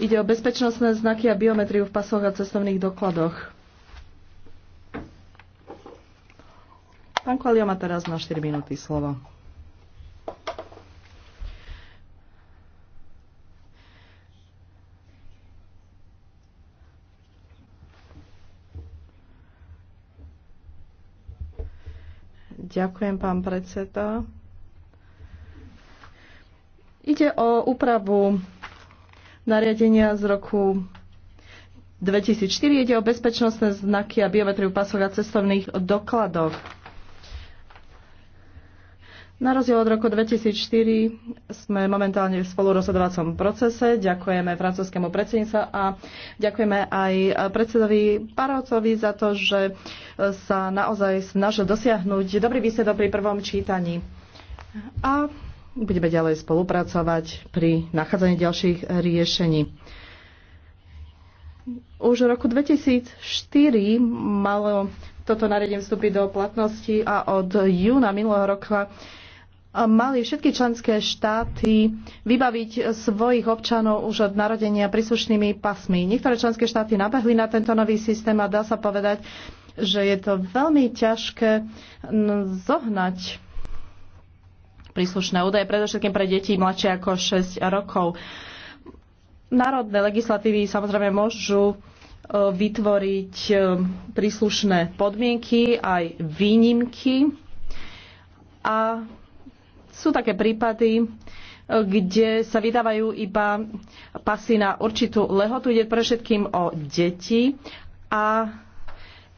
Ide o bezpečnostné znaky a biometriu v pasoch a cestovných dokladoch. Pán Kvalio má teraz na 4 minúty slovo. Ďakujem, pán predseda. Ide o úpravu nariadenia z roku 2004. Ide o bezpečnostné znaky a biometriu pasov a cestovných dokladov. Na rozdiel od roku 2004 sme momentálne v spolurozhodovacom procese. Ďakujeme francúzskému predsedníctvu a ďakujeme aj predsedovi Parovcovi za to, že sa naozaj snažil dosiahnuť dobrý výsledok pri prvom čítaní. A Budeme ďalej spolupracovať pri nachádzaní ďalších riešení. Už v roku 2004 malo toto nariadenie vstúpiť do platnosti a od júna minulého roka mali všetky členské štáty vybaviť svojich občanov už od narodenia príslušnými pasmi. Niektoré členské štáty nabehli na tento nový systém a dá sa povedať, že je to veľmi ťažké zohnať príslušné údaje, predovšetkým pre deti mladšie ako 6 rokov. Národné legislatívy samozrejme môžu e, vytvoriť e, príslušné podmienky, aj výnimky. A sú také prípady, e, kde sa vydávajú iba pasy na určitú lehotu. Ide pre všetkým o deti. A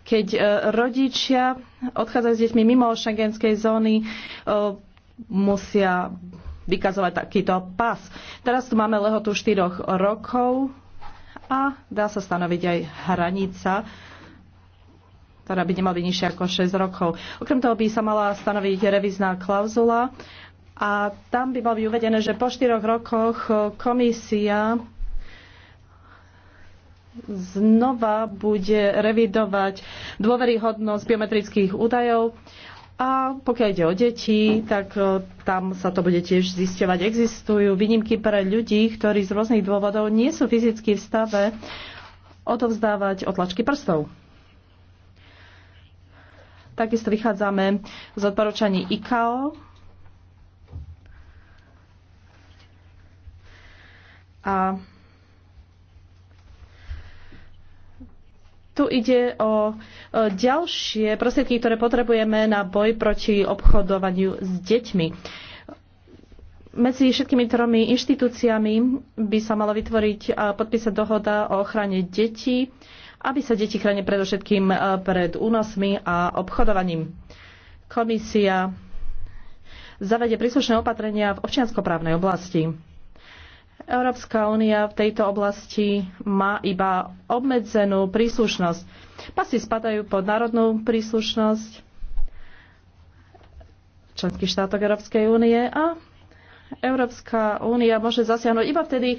keď rodičia odchádzajú s deťmi mimo šengenskej zóny, musia vykazovať takýto pas. Teraz tu máme lehotu 4 rokov a dá sa stanoviť aj hranica, ktorá by nemala byť nižšia ako 6 rokov. Okrem toho by sa mala stanoviť revizná klauzula a tam by bolo uvedené, že po 4 rokoch komisia znova bude revidovať dôveryhodnosť biometrických údajov a pokiaľ ide o deti, tak e, tam sa to bude tiež zisťovať. Existujú výnimky pre ľudí, ktorí z rôznych dôvodov nie sú fyzicky v stave odovzdávať otlačky prstov. Takisto vychádzame z odporúčaní ICAO a Tu ide o ďalšie prostriedky, ktoré potrebujeme na boj proti obchodovaniu s deťmi. Medzi všetkými tromi inštitúciami by sa mala vytvoriť a podpísať dohoda o ochrane detí, aby sa deti chránili predovšetkým e, pred únosmi a obchodovaním. Komisia zavede príslušné opatrenia v občianskoprávnej oblasti Európska únia v tejto oblasti má iba obmedzenú príslušnosť. Pasy spadajú pod národnú príslušnosť členských štátok Európskej únie a Európska únia môže zasiahnuť iba vtedy,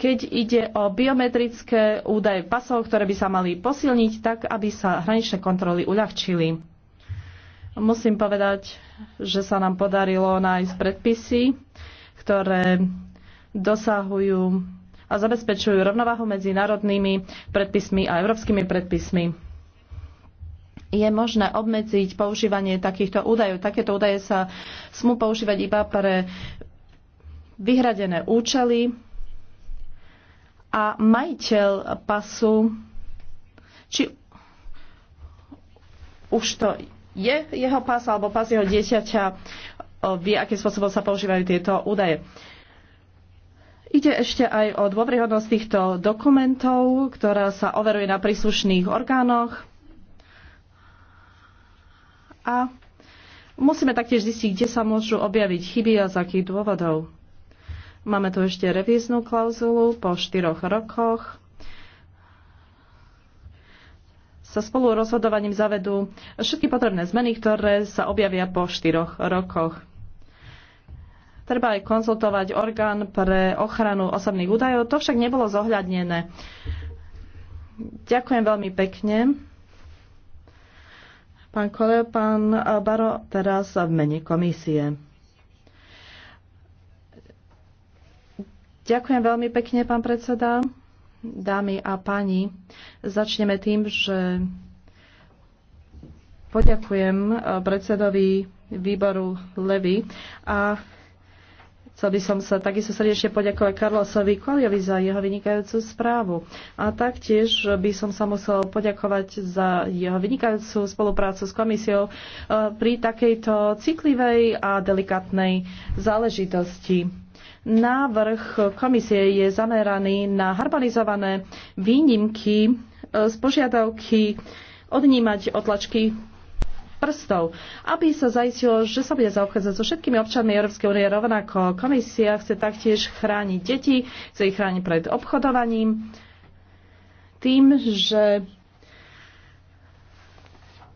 keď ide o biometrické údaje pasov, ktoré by sa mali posilniť tak, aby sa hraničné kontroly uľahčili. Musím povedať, že sa nám podarilo nájsť predpisy, ktoré dosahujú a zabezpečujú rovnováhu medzi národnými predpismi a európskymi predpismi. Je možné obmedziť používanie takýchto údajov. Takéto údaje sa smú používať iba pre vyhradené účely a majiteľ pasu, či už to je jeho pas alebo pas jeho dieťaťa, vie, akým spôsobom sa používajú tieto údaje. Ide ešte aj o dôveryhodnosť týchto dokumentov, ktorá sa overuje na príslušných orgánoch. A musíme taktiež zistiť, kde sa môžu objaviť chyby a z akých dôvodov. Máme tu ešte revíznu klauzulu po štyroch rokoch sa spolu rozhodovaním zavedú všetky potrebné zmeny, ktoré sa objavia po štyroch rokoch treba aj konzultovať orgán pre ochranu osobných údajov. To však nebolo zohľadnené. Ďakujem veľmi pekne. Pán Kole, pán Baro, teraz v mene komisie. Ďakujem veľmi pekne, pán predseda. Dámy a páni, začneme tým, že poďakujem predsedovi výboru Levy a Chcel by som sa takisto srdečne poďakovať Karlosovi Kvaliovi za jeho vynikajúcu správu. A taktiež by som sa musel poďakovať za jeho vynikajúcu spoluprácu s komisiou e, pri takejto citlivej a delikatnej záležitosti. Návrh komisie je zameraný na harmonizované výnimky e, z požiadavky odnímať otlačky prstov, aby sa zaistilo, že sa bude zaobchádzať so všetkými občanmi Európskej únie rovnako. Komisia chce taktiež chrániť deti, chce ich chrániť pred obchodovaním tým, že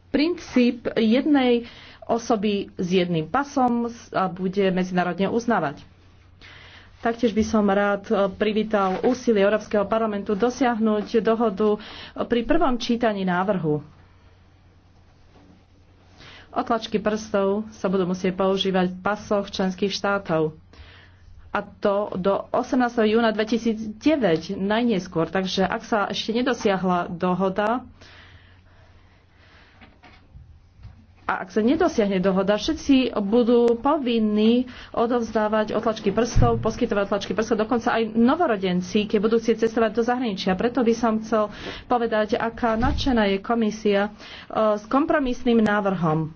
princíp jednej osoby s jedným pasom a bude medzinárodne uznávať. Taktiež by som rád e, privítal úsilie Európskeho parlamentu dosiahnuť dohodu pri prvom čítaní návrhu Otlačky prstov sa budú musieť používať v pasoch členských štátov. A to do 18. júna 2009 najneskôr. Takže ak sa ešte nedosiahla dohoda, a ak sa nedosiahne dohoda, všetci budú povinní odovzdávať otlačky prstov, poskytovať otlačky prstov, dokonca aj novorodenci, keď budú chcieť cestovať do zahraničia. Preto by som chcel povedať, aká nadšená je komisia e, s kompromisným návrhom.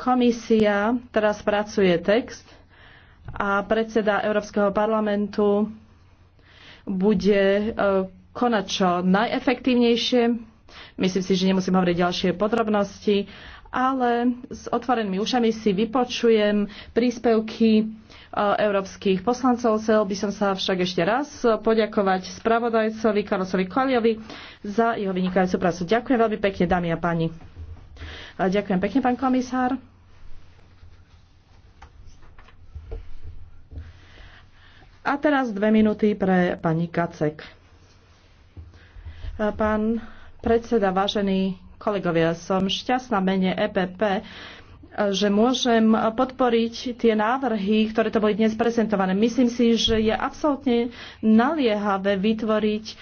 Komisia teraz pracuje text a predseda Európskeho parlamentu bude e, konať čo najefektívnejšie. Myslím si, že nemusím hovoriť ďalšie podrobnosti, ale s otvorenými ušami si vypočujem príspevky e, európskych poslancov. Chcel by som sa však ešte raz poďakovať spravodajcovi Karlosovi Koliovi za jeho vynikajúcu prácu. Ďakujem veľmi pekne, dámy a páni. E, ďakujem pekne, pán komisár. A teraz dve minúty pre pani Kacek. Pán predseda, vážení kolegovia, som šťastná mene EPP, že môžem podporiť tie návrhy, ktoré to boli dnes prezentované. Myslím si, že je absolútne naliehavé vytvoriť e,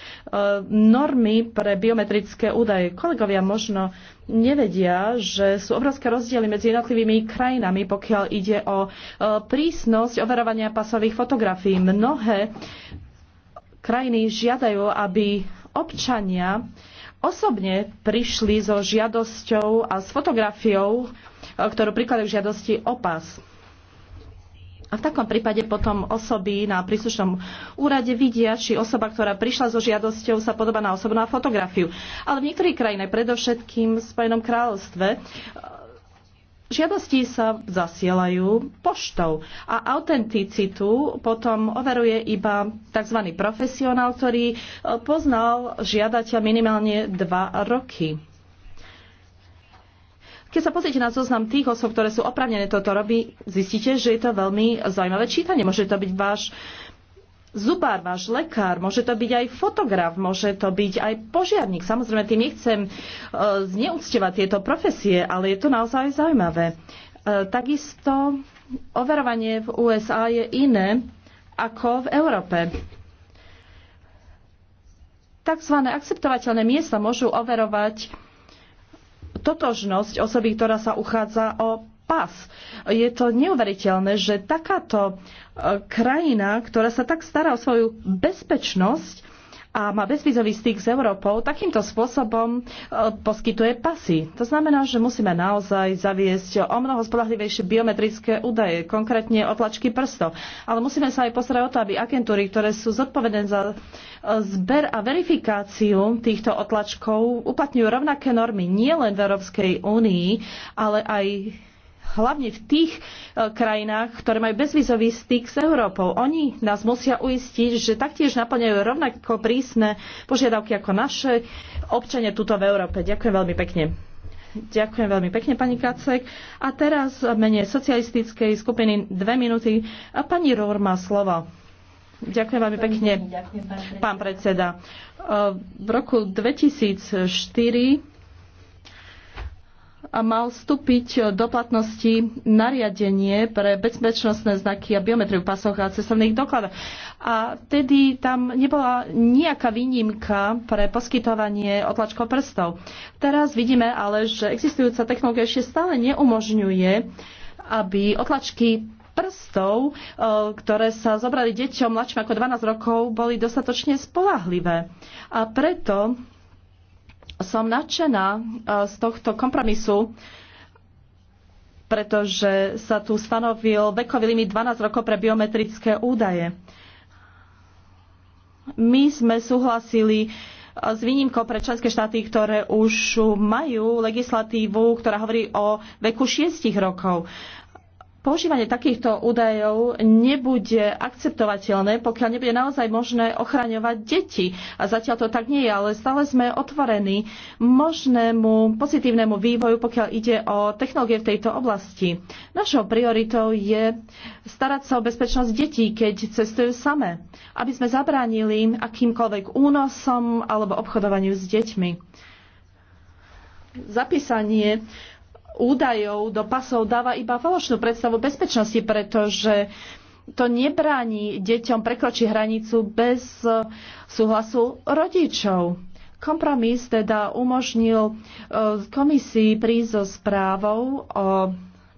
normy pre biometrické údaje. Kolegovia možno nevedia, že sú obrovské rozdiely medzi jednotlivými krajinami, pokiaľ ide o e, prísnosť overovania pasových fotografií. Mnohé krajiny žiadajú, aby občania osobne prišli so žiadosťou a s fotografiou ktorú prikladajú k žiadosti o A v takom prípade potom osoby na príslušnom úrade vidia, či osoba, ktorá prišla so žiadosťou, sa podobá na osobu na fotografiu. Ale v niektorých krajinách, predovšetkým v Spojenom kráľovstve, Žiadosti sa zasielajú poštou a autenticitu potom overuje iba tzv. profesionál, ktorý eh, poznal žiadateľ minimálne dva roky. Keď sa pozrite na zoznam tých osob, ktoré sú opravnené toto robí, zistíte, že je to veľmi zaujímavé čítanie. Môže to byť váš zubár, váš lekár, môže to byť aj fotograf, môže to byť aj požiarník. Samozrejme, tým nechcem e, zneúctevať tieto profesie, ale je to naozaj zaujímavé. E, takisto overovanie v USA je iné ako v Európe Takzvané akceptovateľné miesta môžu overovať totožnosť osoby, ktorá sa uchádza o pas. Je to neuveriteľné, že takáto e, krajina, ktorá sa tak stará o svoju bezpečnosť, a má bezvizový styk s Európou, takýmto spôsobom e, poskytuje pasy. To znamená, že musíme naozaj zaviesť o mnoho spolahlivejšie biometrické údaje, konkrétne otlačky prstov. Ale musíme sa aj postarať o to, aby agentúry, ktoré sú zodpovedné za e, zber a verifikáciu týchto otlačkov, uplatňujú rovnaké normy nielen v Európskej únii, ale aj hlavne v tých e, krajinách, ktoré majú bezvizový styk s Európou. Oni nás musia uistiť, že taktiež naplňajú rovnako prísne požiadavky ako naše občania tuto v Európe. Ďakujem veľmi pekne. Ďakujem veľmi pekne, pani Kacek. A teraz v mene socialistickej skupiny dve minúty. A pani Rohr má slovo. Ďakujem veľmi pekne, pán predseda. E, v roku 2004 mal vstúpiť do platnosti nariadenie pre bezpečnostné znaky a biometriu v pasoch a cestovných dokladov. A vtedy tam nebola nejaká výnimka pre poskytovanie otlačkov prstov. Teraz vidíme ale, že existujúca technológia ešte stále neumožňuje, aby otlačky prstov, e, ktoré sa zobrali deťom mladším ako 12 rokov, boli dostatočne spolahlivé. A preto som nadšená e, z tohto kompromisu, pretože sa tu stanovil vekový limit 12 rokov pre biometrické údaje. My sme súhlasili e, s výnimkou pre členské štáty, ktoré už majú legislatívu, ktorá hovorí o veku 6 rokov. Používanie takýchto údajov nebude akceptovateľné, pokiaľ nebude naozaj možné ochraňovať deti. A zatiaľ to tak nie je, ale stále sme otvorení možnému pozitívnemu vývoju, pokiaľ ide o technológie v tejto oblasti. Našou prioritou je starať sa o bezpečnosť detí, keď cestujú same, aby sme zabránili akýmkoľvek únosom alebo obchodovaniu s deťmi zapísanie údajov do pasov dáva iba falošnú predstavu bezpečnosti, pretože to nebráni deťom prekročiť hranicu bez eh, súhlasu rodičov. Kompromis teda umožnil eh, komisii prísť so správou o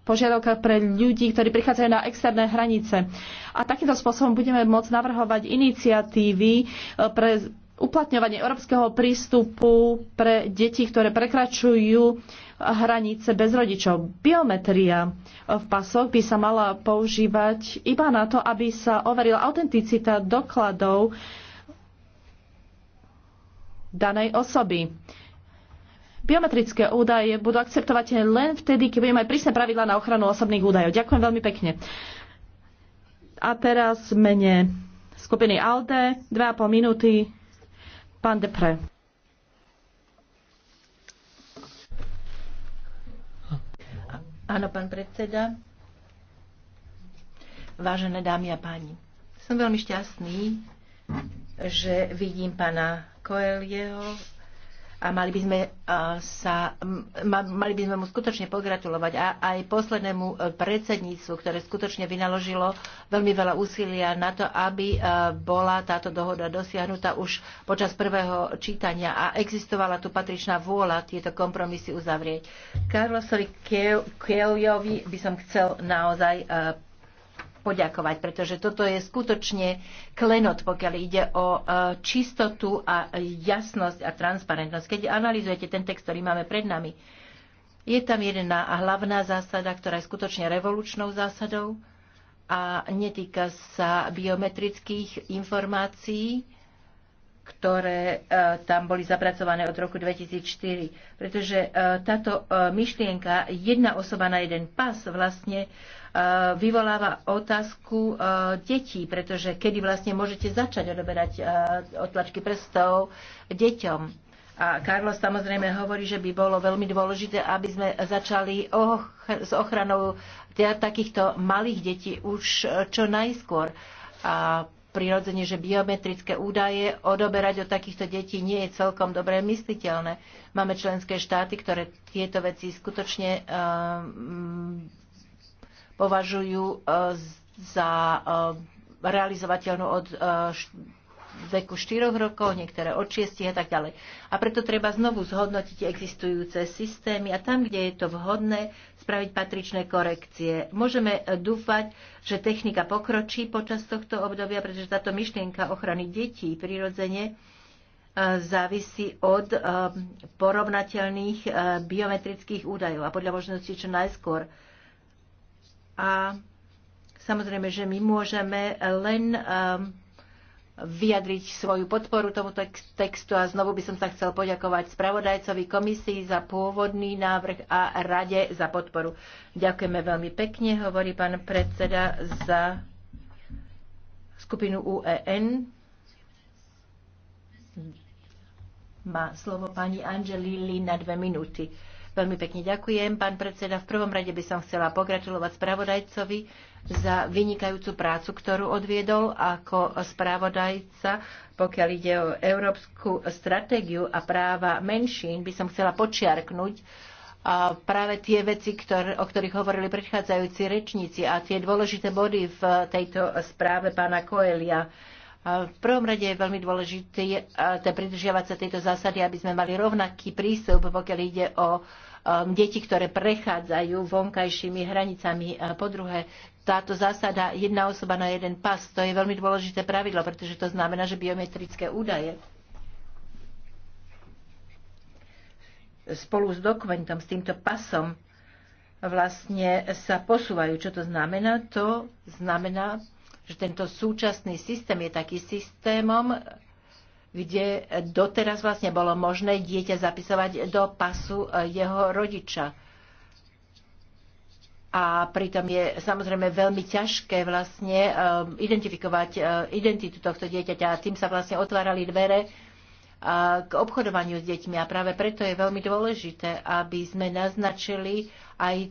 požiadavkách pre ľudí, ktorí prichádzajú na externé hranice. A takýmto spôsobom budeme môcť navrhovať iniciatívy eh, pre uplatňovanie európskeho prístupu pre deti, ktoré prekračujú hranice bez rodičov. Biometria v pasoch by sa mala používať iba na to, aby sa overila autenticita dokladov danej osoby. Biometrické údaje budú akceptovateľné len vtedy, keď budeme mať prísne pravidla na ochranu osobných údajov. Ďakujem veľmi pekne. A teraz mene skupiny ALDE, 2,5 minúty, pán Depre. Áno, pán predseda. Vážené dámy a páni, som veľmi šťastný, že vidím pána Koelieho a mali by sme, uh, sa, mali by sme mu skutočne pogratulovať a aj poslednému uh, predsedníctvu, ktoré skutočne vynaložilo veľmi veľa úsilia na to, aby uh, bola táto dohoda dosiahnutá už počas prvého čítania a existovala tu patričná vôľa tieto kompromisy uzavrieť. Karlosovi Kieljovi by som chcel naozaj poďakovať, pretože toto je skutočne klenot, pokiaľ ide o e, čistotu a jasnosť a transparentnosť. Keď analizujete ten text, ktorý máme pred nami, je tam jedna a hlavná zásada, ktorá je skutočne revolučnou zásadou a netýka sa biometrických informácií, ktoré e, tam boli zapracované od roku 2004. Pretože e, táto myšlienka jedna osoba na jeden pas vlastne E, vyvoláva otázku e, detí, pretože kedy vlastne môžete začať odoberať e, otlačky prstov deťom. A Carlos samozrejme hovorí, že by bolo veľmi dôležité, aby sme začali och- s ochranou teda takýchto malých detí už čo najskôr. A prirodzene, že biometrické údaje odoberať od takýchto detí nie je celkom dobre mysliteľné. Máme členské štáty, ktoré tieto veci skutočne um, považujú e, za e, realizovateľnú od e, veku 4 rokov, niektoré od 6 a tak ďalej. A preto treba znovu zhodnotiť existujúce systémy a tam, kde je to vhodné, spraviť patričné korekcie. Môžeme dúfať, že technika pokročí počas tohto obdobia, pretože táto myšlienka ochrany detí prirodzene závisí od porovnateľných biometrických údajov a podľa možnosti čo najskôr a samozrejme, že my môžeme len um, vyjadriť svoju podporu tomuto textu a znovu by som sa chcel poďakovať spravodajcovi komisii za pôvodný návrh a rade za podporu. Ďakujeme veľmi pekne, hovorí pán predseda za skupinu UEN. Má slovo pani Angelili na dve minúty. Veľmi pekne ďakujem, pán predseda. V prvom rade by som chcela pogratulovať spravodajcovi za vynikajúcu prácu, ktorú odviedol ako spravodajca. Pokiaľ ide o európsku stratégiu a práva menšín, by som chcela počiarknúť a práve tie veci, ktoré, o ktorých hovorili predchádzajúci rečníci a tie dôležité body v tejto správe pána Koelia v prvom rade je veľmi dôležité e, teda pridržiavať sa tejto zásady, aby sme mali rovnaký prístup, pokiaľ ide o um, deti, ktoré prechádzajú vonkajšími hranicami. Po druhé, táto zásada jedna osoba na jeden pas, to je veľmi dôležité pravidlo, pretože to znamená, že biometrické údaje spolu s dokumentom, s týmto pasom vlastne sa posúvajú. Čo to znamená? To znamená že tento súčasný systém je taký systémom, kde doteraz vlastne bolo možné dieťa zapisovať do pasu e, jeho rodiča. A pritom je samozrejme veľmi ťažké vlastne e, identifikovať e, identitu tohto dieťaťa a tým sa vlastne otvárali dvere k obchodovaniu s deťmi. A práve preto je veľmi dôležité, aby sme naznačili aj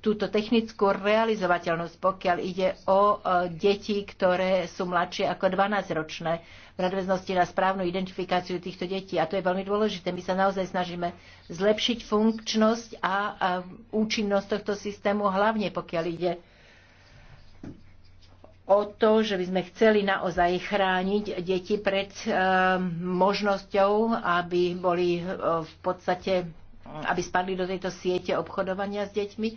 túto technickú realizovateľnosť, pokiaľ ide o e, deti, ktoré sú mladšie ako 12-ročné v nadväznosti na správnu identifikáciu týchto detí. A to je veľmi dôležité. My sa naozaj snažíme zlepšiť funkčnosť a účinnosť tohto systému, hlavne pokiaľ ide o to, že by sme chceli naozaj chrániť deti pred e, možnosťou, aby boli e, v podstate aby spadli do tejto siete obchodovania s deťmi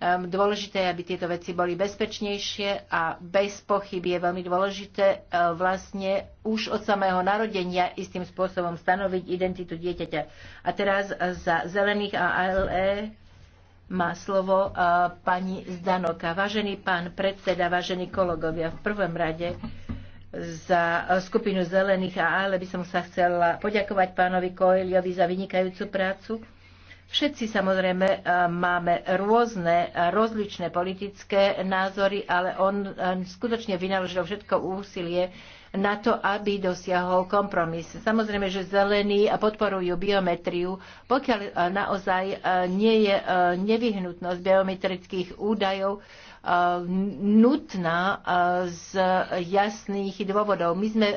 Ehm, dôležité je, aby tieto veci boli bezpečnejšie a bez pochyb je veľmi dôležité eh, vlastne už od samého narodenia istým spôsobom stanoviť identitu dieťaťa. A teraz za zelených a ALE má slovo eh, pani Zdanoka. Vážený pán predseda, vážení kolegovia, v prvom rade za skupinu zelených a ALE by som sa chcela poďakovať pánovi Koeliovi za vynikajúcu prácu Všetci samozrejme e, máme rôzne, e, rozličné politické názory, ale on e, skutočne vynaložil všetko úsilie na to, aby dosiahol kompromis. Samozrejme, že zelení podporujú biometriu, pokiaľ naozaj nie je nevyhnutnosť biometrických údajov, nutná z jasných dôvodov. My sme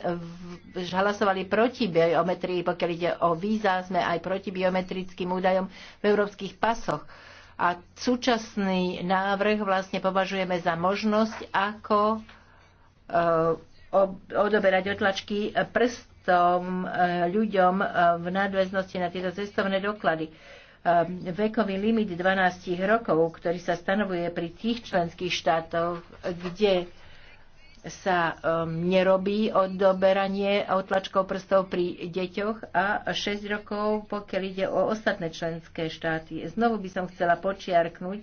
hlasovali proti biometrii, pokiaľ ide o víza, sme aj proti biometrickým údajom v európskych pasoch. A súčasný návrh vlastne považujeme za možnosť, ako e, odoberať otlačky prstom e, ľuďom e, v nadväznosti na tieto cestovné doklady. Um, vekový limit 12 rokov, ktorý sa stanovuje pri tých členských štátoch, kde sa um, nerobí odoberanie otlačkov prstov pri deťoch a 6 rokov, pokiaľ ide o ostatné členské štáty. Znovu by som chcela počiarknúť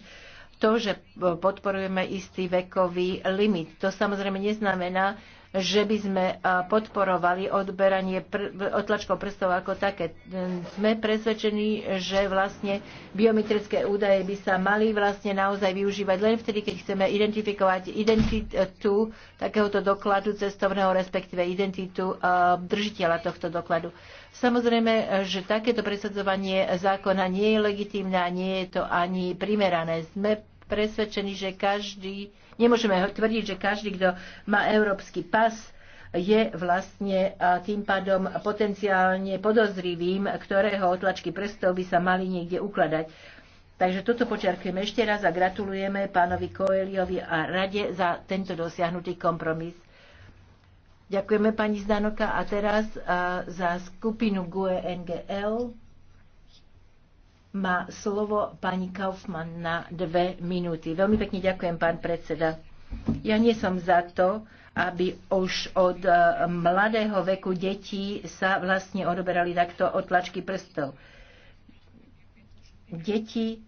to, že podporujeme istý vekový limit. To samozrejme neznamená, že by sme podporovali odberanie pr- otlačkov prstov ako také. Hm, sme presvedčení, že vlastne biometrické údaje by sa mali vlastne naozaj využívať len vtedy, keď chceme identifikovať identitu takéhoto dokladu cestovného, respektíve identitu držiteľa tohto dokladu. Samozrejme, že takéto presadzovanie zákona nie je legitímne a nie je to ani primerané. Sme presvedčení, že každý, nemôžeme tvrdiť, že každý, kto má európsky pas, je vlastne tým pádom potenciálne podozrivým, ktorého otlačky prstov by sa mali niekde ukladať. Takže toto počiarkujeme ešte raz a gratulujeme pánovi Koeliovi a rade za tento dosiahnutý kompromis. Ďakujeme pani Zdanoka a teraz za skupinu GUE NGL má slovo pani Kaufmann na dve minúty. Veľmi pekne ďakujem, pán predseda. Ja nie som za to, aby už od eh, mladého veku detí sa vlastne odoberali takto otlačky prstov. Deti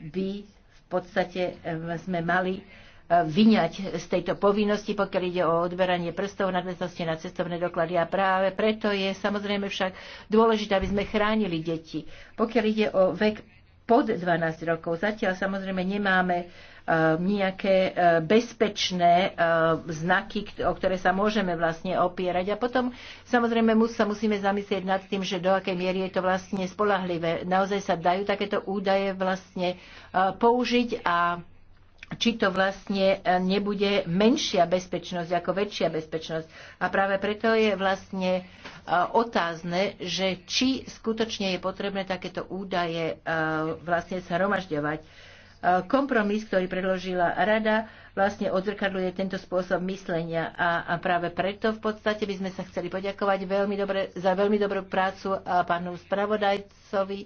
by v podstate eh, sme mali vyňať z tejto povinnosti, pokiaľ ide o odberanie prstov nadväznosti na cestovné doklady. A práve preto je samozrejme však dôležité, aby sme chránili deti. Pokiaľ ide o vek pod 12 rokov, zatiaľ samozrejme nemáme e, nejaké e, bezpečné e, znaky, o ktoré sa môžeme vlastne opierať. A potom samozrejme sa musíme zamyslieť nad tým, že do akej miery je to vlastne spolahlivé. Naozaj sa dajú takéto údaje vlastne použiť a či to vlastne e, nebude menšia bezpečnosť ako väčšia bezpečnosť. A práve preto je vlastne e, otázne, že či skutočne je potrebné takéto údaje e, vlastne zhromažďovať. Kompromis, ktorý predložila rada, vlastne odzrkadluje tento spôsob myslenia a, a práve preto v podstate by sme sa chceli poďakovať veľmi dobre, za veľmi dobrú prácu pánu spravodajcovi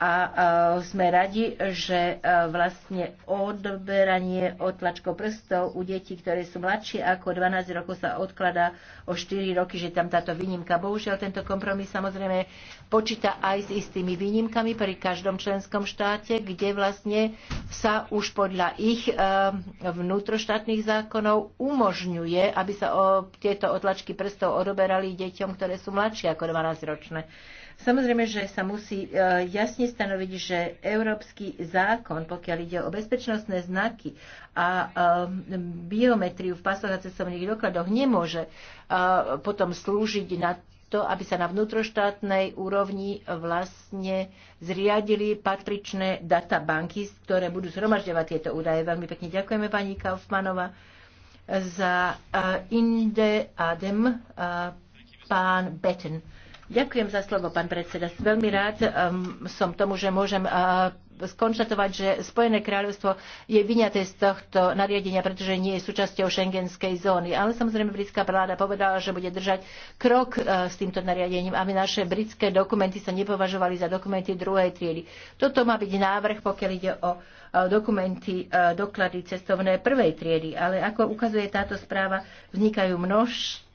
a sme radi, že e, vlastne odberanie otlačkov prstov u detí, ktoré sú mladšie ako 12 rokov, sa odkladá o 4 roky, že tam táto výnimka. Bohužiaľ, tento kompromis samozrejme počíta aj s istými výnimkami pri každom členskom štáte, kde vlastne sa už podľa ich e, vnútroštátnych zákonov umožňuje, aby sa o tieto otlačky prstov odoberali deťom, ktoré sú mladšie ako 12 ročné. Samozrejme, že sa musí e, jasne stanoviť, že európsky zákon, pokiaľ ide o bezpečnostné znaky a e, biometriu v pasoch a cestovných dokladoch, nemôže e, potom slúžiť na to, aby sa na vnútroštátnej úrovni vlastne zriadili patričné databanky, ktoré budú zhromažďovať tieto údaje. Veľmi pekne ďakujeme pani Kaufmanova za Inde Adem, pán Betten. Ďakujem za slovo, pán predseda. Veľmi rád um, som tomu, že môžem uh, skonštatovať, že Spojené kráľovstvo je vyňaté z tohto nariadenia, pretože nie je súčasťou šengenskej zóny. Ale samozrejme britská vláda povedala, že bude držať krok uh, s týmto nariadením, aby naše britské dokumenty sa nepovažovali za dokumenty druhej triedy. Toto má byť návrh, pokiaľ ide o uh, dokumenty, doklady cestovné prvej triedy. Ale ako ukazuje táto správa, vznikajú množstvo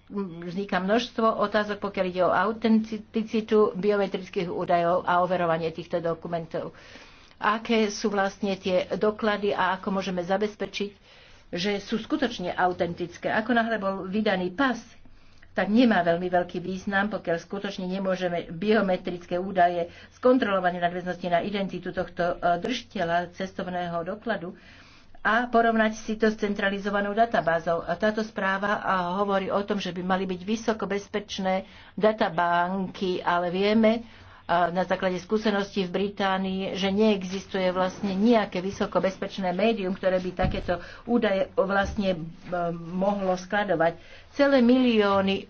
vzniká množstvo otázok, pokiaľ ide o autenticitu biometrických údajov a overovanie týchto dokumentov. Aké sú vlastne tie doklady a ako môžeme zabezpečiť, že sú skutočne autentické. Ako náhle bol vydaný pas, tak nemá veľmi veľký význam, pokiaľ skutočne nemôžeme biometrické údaje skontrolovať nadväznosti na identitu tohto eh, držiteľa cestovného dokladu a porovnať si to s centralizovanou databázou. A táto správa hovorí o tom, že by mali byť vysokobezpečné databánky, ale vieme, Eh, na základe skúseností v Británii, že neexistuje vlastne nejaké vysokobezpečné médium, ktoré by takéto údaje vlastne eh, mohlo skladovať. Celé milióny, eh,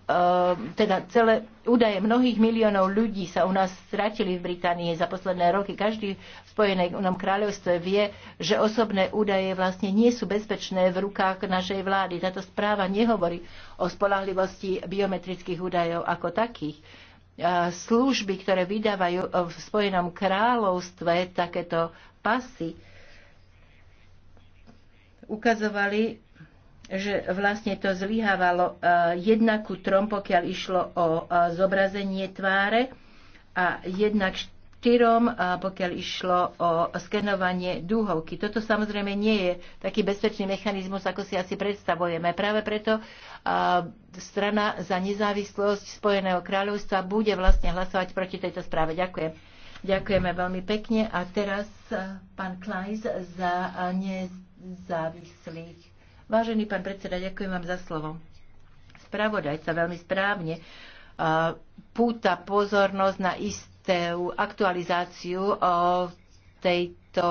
teda celé údaje mnohých miliónov ľudí sa u nás stratili v Británii za posledné roky. Každý v Spojenom kráľovstve vie, že osobné údaje vlastne nie sú bezpečné v rukách našej vlády. Táto správa nehovorí o spolahlivosti biometrických údajov ako takých služby, ktoré vydávajú e, v Spojenom kráľovstve takéto pasy, ukazovali, že vlastne to zlyhávalo e, jednak ku trom, pokiaľ išlo o e, zobrazenie tváre a jednak štyrom, pokiaľ išlo o skenovanie dúhovky. Toto samozrejme nie je taký bezpečný mechanizmus, ako si asi predstavujeme. Práve preto strana za nezávislosť Spojeného kráľovstva bude vlastne hlasovať proti tejto správe. Ďakujem. Ďakujeme veľmi pekne. A teraz pán Klajs za nezávislých. Vážený pán predseda, ďakujem vám za slovo. Spravodajca veľmi správne púta pozornosť na isté tú aktualizáciu o tejto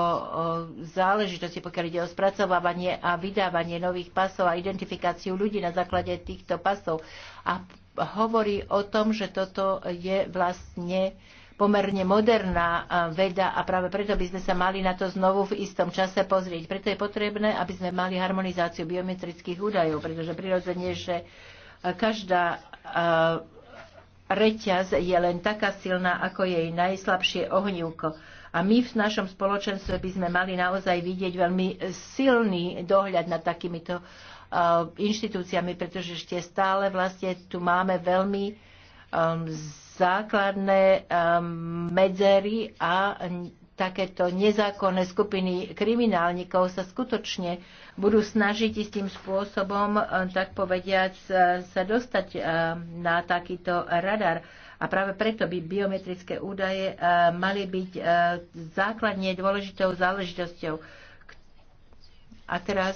záležitosti, pokiaľ ide o spracovávanie a vydávanie nových pasov a identifikáciu ľudí na základe týchto pasov. A hovorí o tom, že toto je vlastne pomerne moderná veda a práve preto by sme sa mali na to znovu v istom čase pozrieť. Preto je potrebné, aby sme mali harmonizáciu biometrických údajov, pretože prirodzene, že každá reťaz je len taká silná, ako jej najslabšie ohnívko. A my v našom spoločenstve by sme mali naozaj vidieť veľmi silný dohľad nad takýmito uh, inštitúciami, pretože ešte stále vlastne tu máme veľmi um, základné um, medzery a takéto nezákonné skupiny kriminálnikov sa skutočne budú snažiť istým spôsobom, e, tak povediať, e, sa dostať e, na takýto radar. A práve preto by biometrické údaje mali byť základne dôležitou záležitosťou. A teraz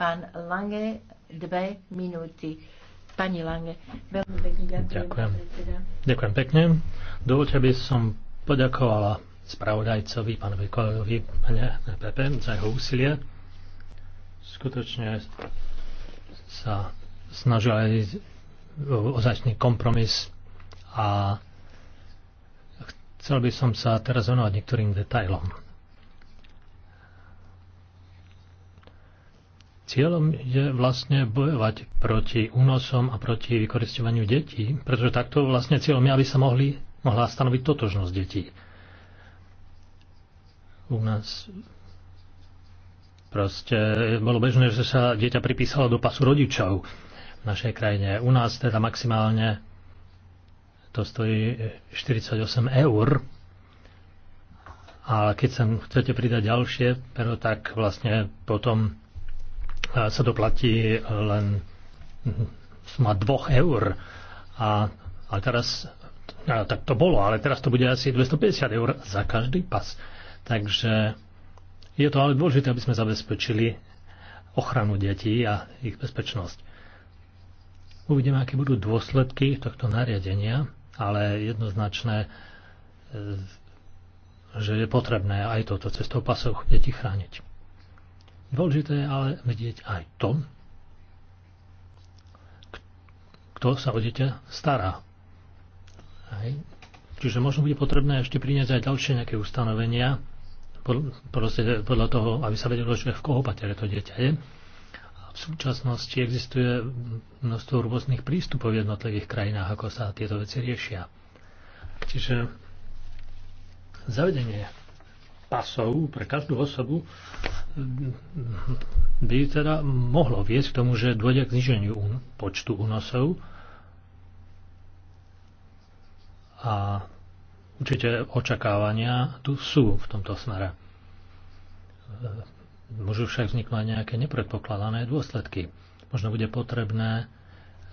pán Lange, dve minúty. Pani Lange, veľmi pekne ďakujem. Ďakujem. ďakujem pekne. Dovolte, aby som poďakovala spravodajcovi, pánovi kolegovi, pane Pepe, za jeho úsilie. Skutočne sa snažil aj ozajstný kompromis a chcel by som sa teraz venovať niektorým detailom. Cieľom je vlastne bojovať proti únosom a proti vykoristovaniu detí, pretože takto vlastne cieľom je, aby sa mohli, mohla stanoviť totožnosť detí u nás proste bolo bežné, že sa dieťa pripísalo do pasu rodičov v našej krajine. U nás teda maximálne to stojí 48 eur. A keď sa chcete pridať ďalšie, pero tak vlastne potom e, sa doplatí len suma 2 eur. A, a teraz, a tak to bolo, ale teraz to bude asi 250 eur za každý pas. Takže je to ale dôležité, aby sme zabezpečili ochranu detí a ich bezpečnosť. Uvidíme, aké budú dôsledky tohto nariadenia, ale jednoznačné, e, že je potrebné aj toto cestou pasov deti chrániť. Dôležité je ale vedieť aj to, kto sa o dieťa stará. Hej. Čiže možno bude potrebné ešte priniesť aj ďalšie nejaké ustanovenia, proste podľa toho, aby sa vedelo, že v koho patere to dieťa je. A v súčasnosti existuje množstvo rôznych prístupov v jednotlivých krajinách, ako sa tieto veci riešia. Čiže zavedenie pasov pre každú osobu by teda mohlo viesť k tomu, že dôjde k zniženiu počtu únosov a Určite očakávania tu sú v tomto smere. Môžu však vzniknúť nejaké nepredpokladané dôsledky. Možno bude potrebné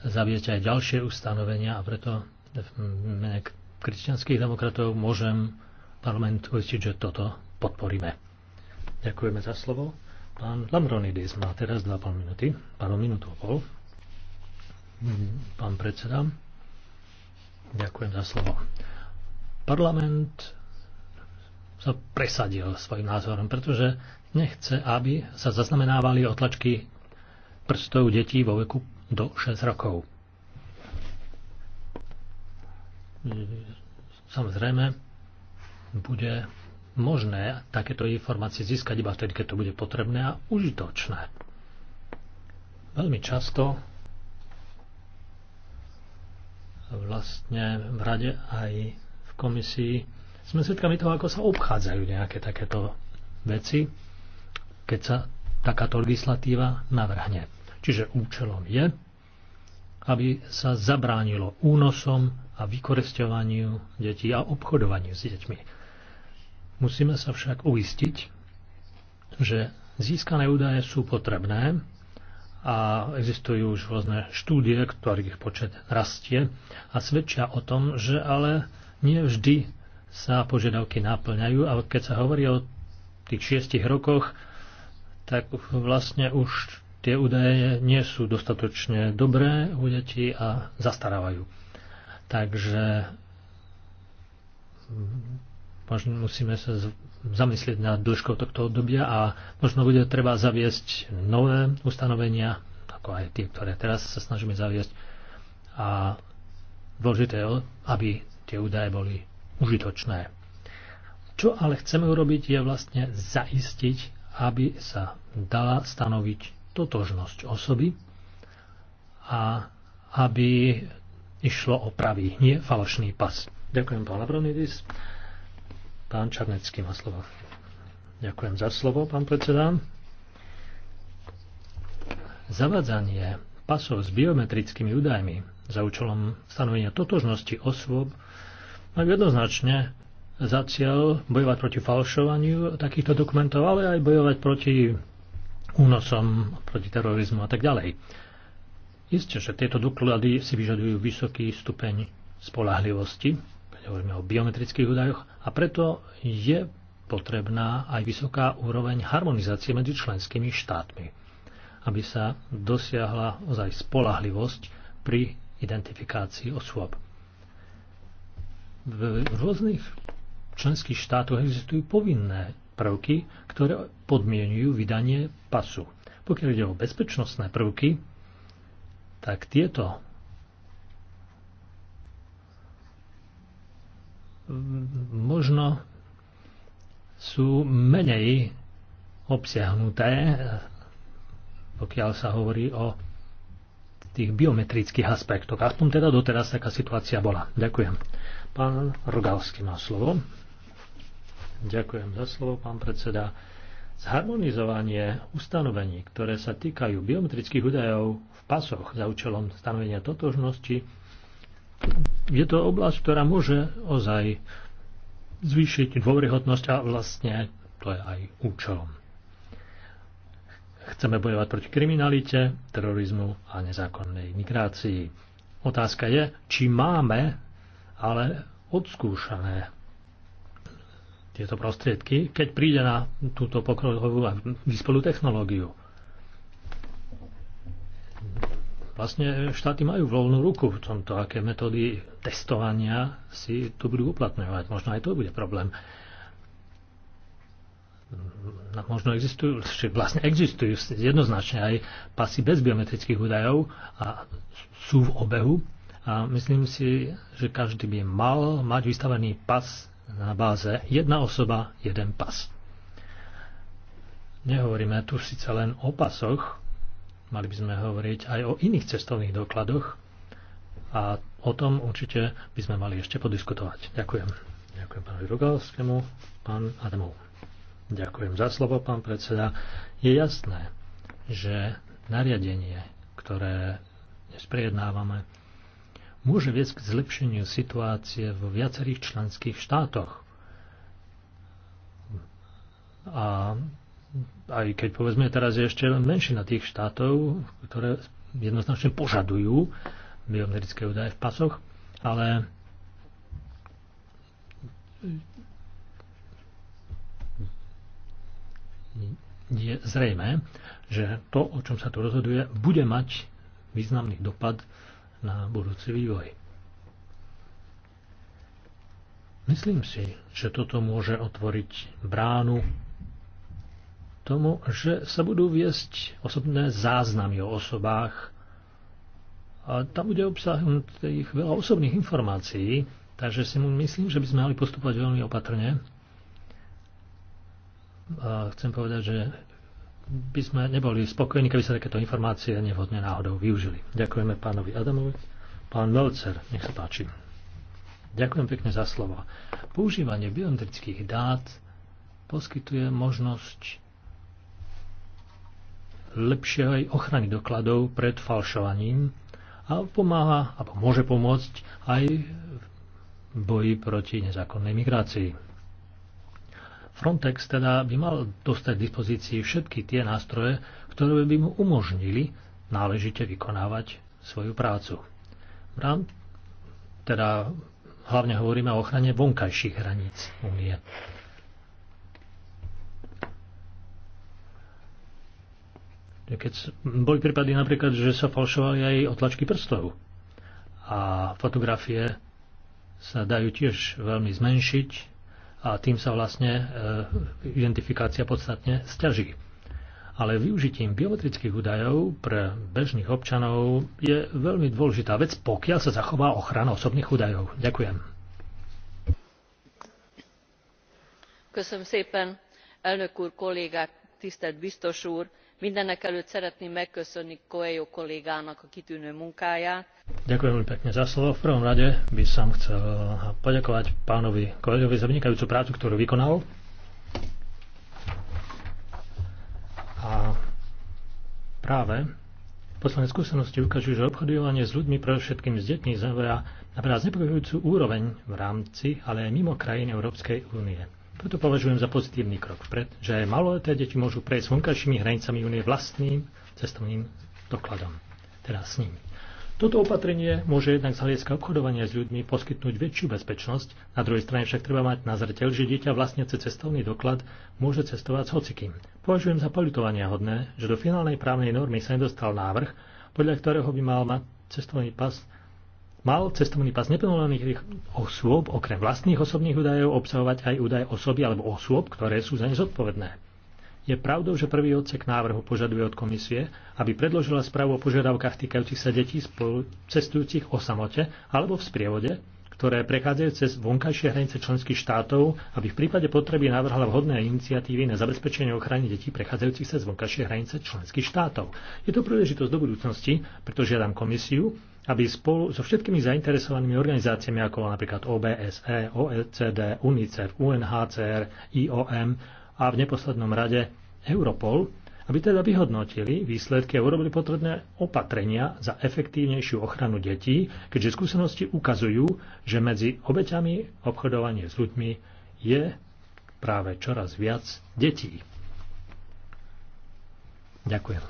zaviesť aj ďalšie ustanovenia a preto v mene kresťanských demokratov môžem parlament uistiť, že toto podporíme. Ďakujeme za slovo. Pán Lamronidis má teraz 2,5 minúty, pánu minútu pol. Pán predseda, ďakujem za slovo. Parlament sa presadil svojim názorom, pretože nechce, aby sa zaznamenávali otlačky prstov detí vo veku do 6 rokov. Samozrejme, bude možné takéto informácie získať iba vtedy, keď to bude potrebné a užitočné. Veľmi často vlastne v rade aj komisii sme svedkami toho, ako sa obchádzajú nejaké takéto veci, keď sa takáto legislatíva navrhne. Čiže účelom je, aby sa zabránilo únosom a vykoresťovaniu detí a obchodovaniu s deťmi. Musíme sa však uistiť, že získané údaje sú potrebné a existujú už rôzne štúdie, ktorých počet rastie a svedčia o tom, že ale nie vždy sa požiadavky naplňajú, a keď sa hovorí o tých šiestich rokoch, tak vlastne už tie údaje nie sú dostatočne dobré u detí a zastarávajú. Takže možno musíme sa zamyslieť nad dĺžkou tohto obdobia a možno bude treba zaviesť nové ustanovenia, ako aj tie, ktoré teraz sa snažíme zaviesť. A dôležité je, aby tie údaje boli užitočné. Čo ale chceme urobiť je vlastne zaistiť, aby sa dala stanoviť totožnosť osoby a aby išlo o pravý, nie falošný pas. Ďakujem, pán Labronidis. Pán Čarnecký má slovo. Ďakujem za slovo, pán predseda. Zavadzanie pasov s biometrickými údajmi za účelom stanovenia totožnosti osôb majú jednoznačne za cieľ bojovať proti falšovaniu takýchto dokumentov, ale aj bojovať proti únosom, proti terorizmu a tak ďalej. Isté, že tieto doklady si vyžadujú vysoký stupeň spolahlivosti, keď hovoríme o biometrických údajoch, a preto je potrebná aj vysoká úroveň harmonizácie medzi členskými štátmi, aby sa dosiahla ozaj spolahlivosť pri identifikácii osôb v rôznych členských štátoch existujú povinné prvky, ktoré podmienujú vydanie pasu. Pokiaľ ide o bezpečnostné prvky, tak tieto možno sú menej obsiahnuté, pokiaľ sa hovorí o tých biometrických aspektoch. Aspoň teda doteraz taká situácia bola. Ďakujem. Pán Rogalský má slovo. Ďakujem za slovo, pán predseda. Zharmonizovanie ustanovení, ktoré sa týkajú biometrických údajov v pasoch za účelom stanovenia totožnosti, je to oblasť, ktorá môže ozaj zvýšiť dôveryhodnosť a vlastne to je aj účelom. Chceme bojovať proti kriminalite, terorizmu a nezákonnej migrácii. Otázka je, či máme ale odskúšané tieto prostriedky, keď príde na túto pokrokovú a vyspelú technológiu. Vlastne štáty majú voľnú ruku v tomto, aké metódy testovania si tu budú uplatňovať. Možno aj to bude problém. No, možno existujú, vlastne existujú jednoznačne aj pasy bez biometrických údajov a sú v obehu a myslím si, že každý by mal mať vystavený pas na báze jedna osoba, jeden pas. Nehovoríme tu síce len o pasoch, mali by sme hovoriť aj o iných cestovných dokladoch a o tom určite by sme mali ešte podiskutovať. Ďakujem. Ďakujem pánovi Rogalskému, pán Adamov. Ďakujem za slovo, pán predseda. Je jasné, že nariadenie, ktoré dnes prejednávame, môže viesť k zlepšeniu situácie vo viacerých členských štátoch. A aj keď povedzme teraz je ešte len menšina tých štátov, ktoré jednoznačne požadujú biometrické údaje v pasoch, ale je zrejme, že to, o čom sa tu rozhoduje, bude mať významný dopad na budúci vývoj. Myslím si, že toto môže otvoriť bránu tomu, že sa budú viesť osobné záznamy o osobách a tam bude obsahnutých veľa osobných informácií, takže si myslím, že by sme mali postupovať veľmi opatrne. A chcem povedať, že by sme neboli spokojní, keby sa takéto informácie nevhodne náhodou využili. Ďakujeme pánovi Adamovi. Pán Melcer, nech sa páči. Ďakujem pekne za slovo. Používanie biometrických dát poskytuje možnosť lepšej ochrany dokladov pred falšovaním a pomáha, alebo môže pomôcť aj v boji proti nezákonnej migrácii. Frontex teda by mal dostať k dispozícii všetky tie nástroje, ktoré by mu umožnili náležite vykonávať svoju prácu. Rám, teda hlavne hovoríme o ochrane vonkajších hraníc únie. Keď boli prípady napríklad, že sa falšovali aj otlačky prstov a fotografie sa dajú tiež veľmi zmenšiť a tým sa vlastne e, identifikácia podstatne stiaží. Ale využitím biometrických údajov pre bežných občanov je veľmi dôležitá vec, pokiaľ sa zachová ochrana osobných údajov. Ďakujem. Köszönöm szépen, elnök úr, kollégák, tisztelt biztos úr! mindenekelőtt szeretném megköszönni coelho kollégának a kitűnő munkáját. Ďakujem veľmi pekne za slovo. V prvom rade by som chcel poďakovať pánovi kolegovi za vynikajúcu prácu, ktorú vykonal. A práve Posledné skúsenosti ukážu, že obchodovanie s ľuďmi, pre všetkým s deťmi, zaujá napríklad znepokojujúcu úroveň v rámci, ale aj mimo krajín Európskej únie. Preto považujem za pozitívny krok vpred, že aj maloleté deti môžu prejsť vonkajšími hranicami únie vlastným cestovným dokladom, teda s nimi. Toto opatrenie môže jednak z hľadiska obchodovania s ľuďmi poskytnúť väčšiu bezpečnosť, na druhej strane však treba mať na zreteľ, že dieťa vlastniace cestovný doklad môže cestovať s hocikým. Považujem za poľutovania hodné, že do finálnej právnej normy sa nedostal návrh, podľa ktorého by mal mať cestovný pas mal cestovný pas neplnolených osôb okrem vlastných osobných údajov obsahovať aj údaje osoby alebo osôb, ktoré sú za ne zodpovedné. Je pravdou, že prvý odsek návrhu požaduje od komisie, aby predložila správu o požiadavkách týkajúcich sa detí spolu cestujúcich o samote alebo v sprievode, ktoré prechádzajú cez vonkajšie hranice členských štátov, aby v prípade potreby navrhla vhodné iniciatívy na zabezpečenie ochrany detí prechádzajúcich cez vonkajšie hranice členských štátov. Je to príležitosť do budúcnosti, preto žiadam komisiu, aby spolu so všetkými zainteresovanými organizáciami, ako napríklad OBSE, OECD, UNICEF, UNHCR, IOM a v neposlednom rade Europol, aby teda vyhodnotili výsledky a urobili potrebné opatrenia za efektívnejšiu ochranu detí, keďže skúsenosti ukazujú, že medzi obeťami obchodovanie s ľuďmi je práve čoraz viac detí. Ďakujem.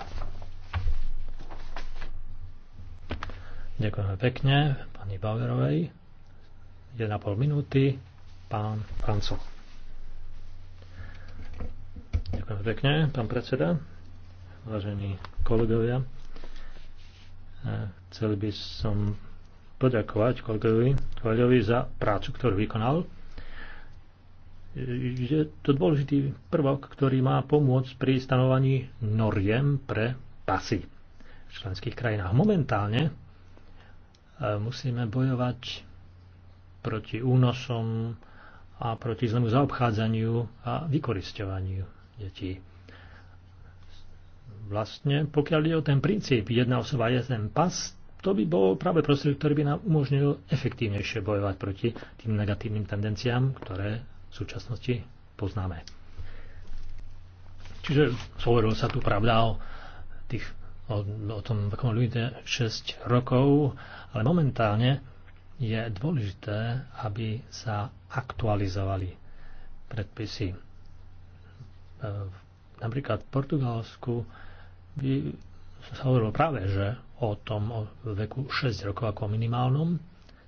Ďakujeme pekne pani Bauerovej. 1,5 minúty. Pán Franco. Ďakujem pekne, pán predseda. Vážení kolegovia, eh, chcel by som poďakovať kolegovi Koľovi za prácu, ktorú vykonal. Je to dôležitý prvok, ktorý má pomôcť pri stanovaní noriem pre pasy v členských krajinách. Momentálne Musíme bojovať proti únosom a proti zlému zaobchádzaniu a vykoristovaniu detí. Vlastne, pokiaľ ide o ten princíp jedna osoba, jeden pas, to by bol práve prostriedok, ktorý by nám umožnil efektívnejšie bojovať proti tým negatívnym tendenciám, ktoré v súčasnosti poznáme. Čiže hovorilo sa tu pravda o tých o, o tom takom ľudia 6 rokov, ale momentálne je dôležité, aby sa aktualizovali predpisy. E, napríklad v Portugalsku by sa hovorilo práve, že o tom o veku 6 rokov ako minimálnom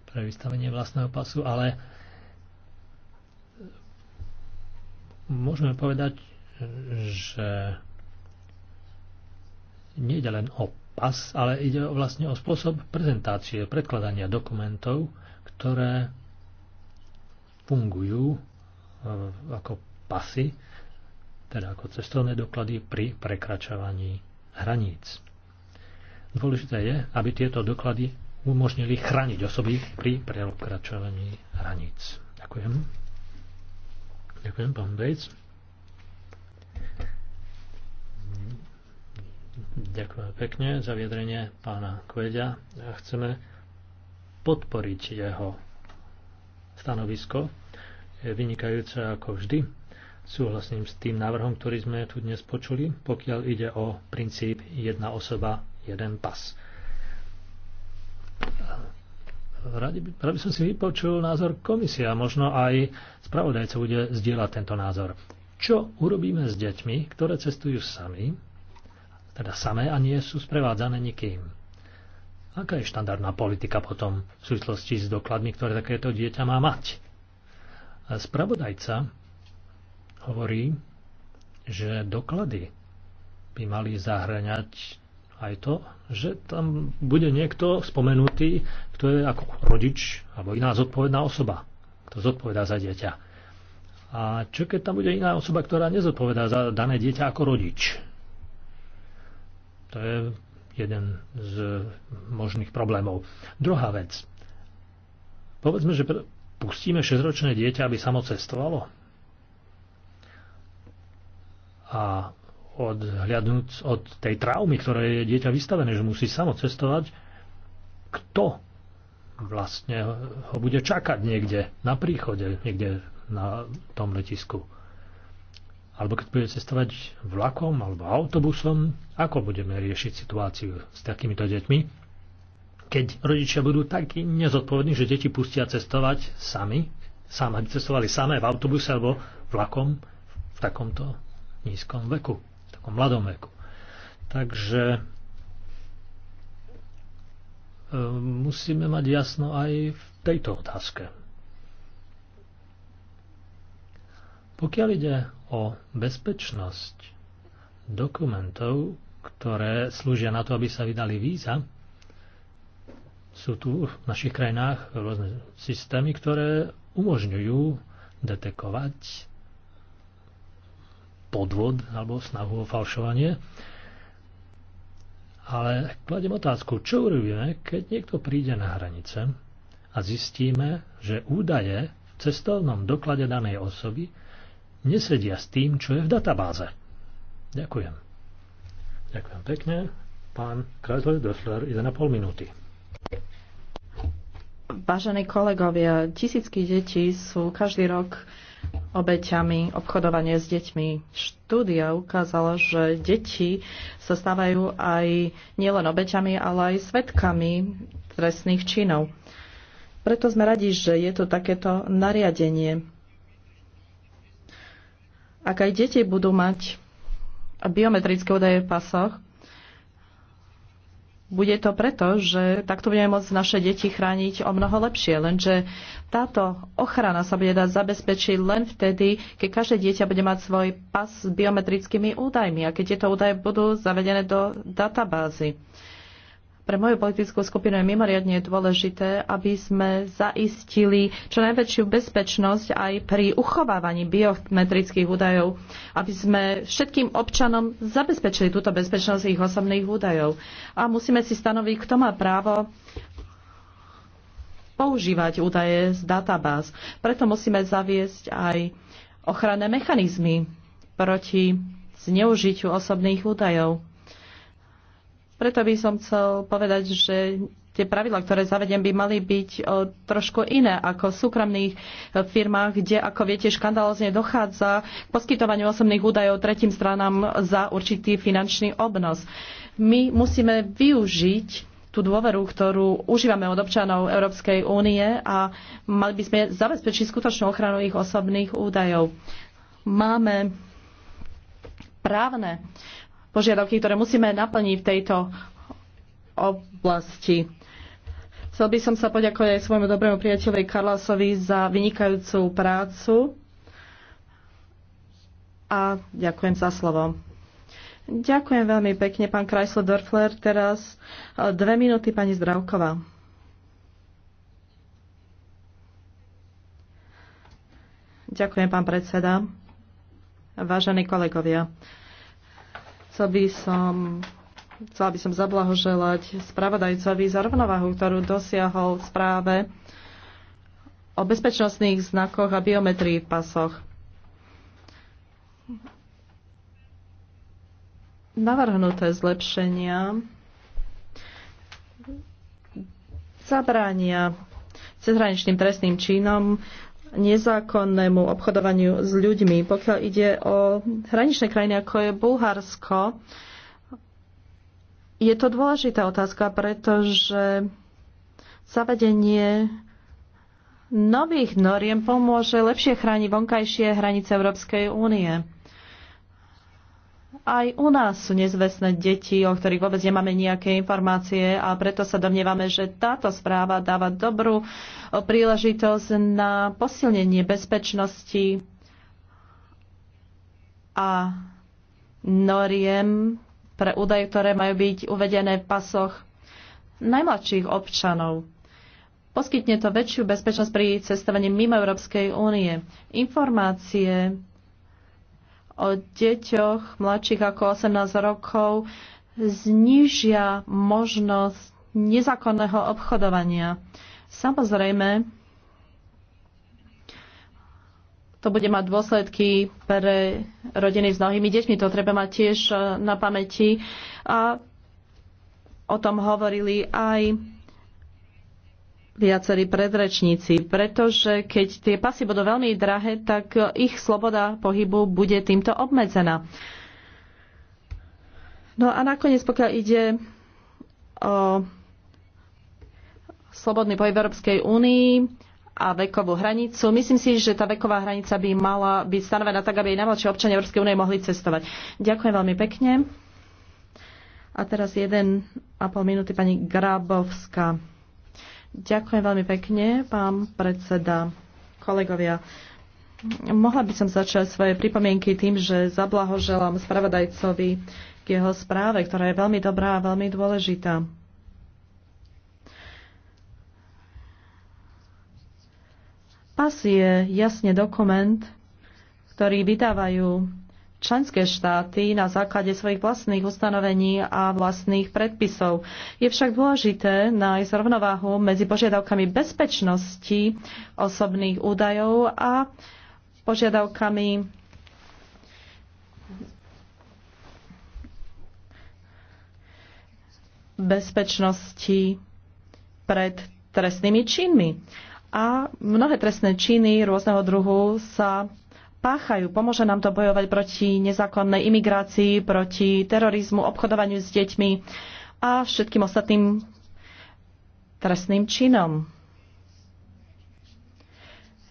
pre vystavenie vlastného pasu, ale môžeme povedať, že nejde len o pas, ale ide vlastne o spôsob prezentácie, predkladania dokumentov, ktoré fungujú e, ako pasy, teda ako cestovné doklady pri prekračovaní hraníc. Dôležité je, aby tieto doklady umožnili chrániť osoby pri prekračovaní hraníc. Ďakujem. Ďakujem, pán Bates. Ďakujem pekne za vyjadrenie pána Kveďa. A chceme podporiť jeho stanovisko. Je eh, vynikajúce ako vždy. Súhlasím s tým návrhom, ktorý sme tu dnes počuli, pokiaľ ide o princíp jedna osoba, jeden pas. Radi by, radi by som si vypočul názor a možno aj spravodajca bude zdieľať tento názor. Čo urobíme s deťmi, ktoré cestujú sami teda samé a nie sú sprevádzané nikým. Aká je štandardná politika potom v súvislosti s dokladmi, ktoré takéto dieťa má mať? A spravodajca hovorí, že doklady by mali zahraňať aj to, že tam bude niekto spomenutý, kto je ako rodič alebo iná zodpovedná osoba, kto zodpovedá za dieťa. A čo keď tam bude iná osoba, ktorá nezodpovedá za dané dieťa ako rodič? To je jeden z možných problémov. Druhá vec. Povedzme, že pustíme 6-ročné dieťa, aby samo cestovalo. A odhľadnúť od tej traumy, ktoré je dieťa vystavené, že musí samo cestovať, kto vlastne ho bude čakať niekde na príchode, niekde na tom letisku. Alebo keď bude cestovať vlakom alebo autobusom, ako budeme riešiť situáciu s takýmito deťmi? Keď rodičia budú takí nezodpovední, že deti pustia cestovať sami, sám, aby cestovali samé v autobuse alebo vlakom v takomto nízkom veku, v takom mladom veku. Takže e, musíme mať jasno aj v tejto otázke. Pokiaľ ide o bezpečnosť dokumentov, ktoré slúžia na to, aby sa vydali víza, sú tu v našich krajinách rôzne systémy, ktoré umožňujú detekovať podvod alebo snahu o falšovanie. Ale kladem otázku, čo urobíme, keď niekto príde na hranice a zistíme, že údaje v cestovnom doklade danej osoby nesedia s tým, čo je v databáze. Ďakujem. Ďakujem pekne. Pán Kreutler Dösler, 1,5 minúty. Vážení kolegovia, tisícky detí sú každý rok obeťami obchodovania s deťmi. Štúdia ukázala, že deti sa stávajú aj nielen obeťami, ale aj svetkami trestných činov. Preto sme radi, že je to takéto nariadenie ak aj deti budú mať biometrické údaje v pasoch, bude to preto, že takto budeme môcť naše deti chrániť o mnoho lepšie, lenže táto ochrana sa bude dať zabezpečiť len vtedy, keď každé dieťa bude mať svoj pas s biometrickými údajmi a keď tieto údaje budú zavedené do databázy. Pre moju politickú skupinu je mimoriadne dôležité, aby sme zaistili čo najväčšiu bezpečnosť aj pri uchovávaní biometrických údajov, aby sme všetkým občanom zabezpečili túto bezpečnosť ich osobných údajov. A musíme si stanoviť, kto má právo používať údaje z databáz. Preto musíme zaviesť aj ochranné mechanizmy proti zneužitiu osobných údajov. Preto by som chcel povedať, že tie pravidla, ktoré zavedem, by mali byť e, trošku iné ako v súkromných e, firmách, kde, ako viete, škandalozne dochádza k poskytovaniu osobných údajov tretím stranám za určitý finančný obnos. My musíme využiť tú dôveru, ktorú užívame od občanov Európskej únie a mali by sme zabezpečiť skutočnú ochranu ich osobných údajov. Máme právne požiadavky, ktoré musíme naplniť v tejto oblasti. Chcel by som sa poďakovať aj svojmu dobrému priateľovi Karlasovi za vynikajúcu prácu a ďakujem za slovo. Ďakujem veľmi pekne, pán Chrysler Dörfler. Teraz e, dve minúty, pani Zdravková. Ďakujem, pán predseda. Vážení kolegovia, Chcel by som, chcela by som zablahoželať spravodajcovi za rovnováhu, ktorú dosiahol v správe o bezpečnostných znakoch a biometrii v pasoch. Navrhnuté zlepšenia zabránia cezhraničným trestným činom nezákonnému obchodovaniu s ľuďmi. Pokiaľ ide o hraničné krajiny, ako je Bulharsko, je to dôležitá otázka, pretože zavedenie nových noriem pomôže lepšie chrániť vonkajšie hranice Európskej únie aj u nás sú nezvestné deti, o ktorých vôbec nemáme nejaké informácie a preto sa domnievame, že táto správa dáva dobrú príležitosť na posilnenie bezpečnosti a noriem pre údaje, ktoré majú byť uvedené v pasoch najmladších občanov. Poskytne to väčšiu bezpečnosť pri cestovaní mimo Európskej únie. Informácie o deťoch mladších ako 18 rokov znížia možnosť nezákonného obchodovania. Samozrejme, to bude mať dôsledky pre rodiny s mnohými deťmi. To treba mať tiež na pamäti. A o tom hovorili aj viacerí predrečníci, pretože keď tie pasy budú veľmi drahé, tak ich sloboda pohybu bude týmto obmedzená. No a nakoniec, pokiaľ ide o slobodný pohyb Európskej únii a vekovú hranicu, myslím si, že tá veková hranica by mala byť stanovená tak, aby aj najmladší občania Európskej únie mohli cestovať. Ďakujem veľmi pekne. A teraz jeden a pol minúty pani Grabovská. Ďakujem veľmi pekne, pán predseda, kolegovia. Mohla by som začať svoje pripomienky tým, že zablahoželám spravodajcovi k jeho správe, ktorá je veľmi dobrá a veľmi dôležitá. PAS je jasne dokument, ktorý vydávajú členské štáty na základe svojich vlastných ustanovení a vlastných predpisov. Je však dôležité nájsť rovnováhu medzi požiadavkami bezpečnosti osobných údajov a požiadavkami bezpečnosti pred trestnými činmi. A mnohé trestné činy rôzneho druhu sa páchajú. Pomôže nám to bojovať proti nezákonnej imigrácii, proti terorizmu, obchodovaniu s deťmi a všetkým ostatným trestným činom.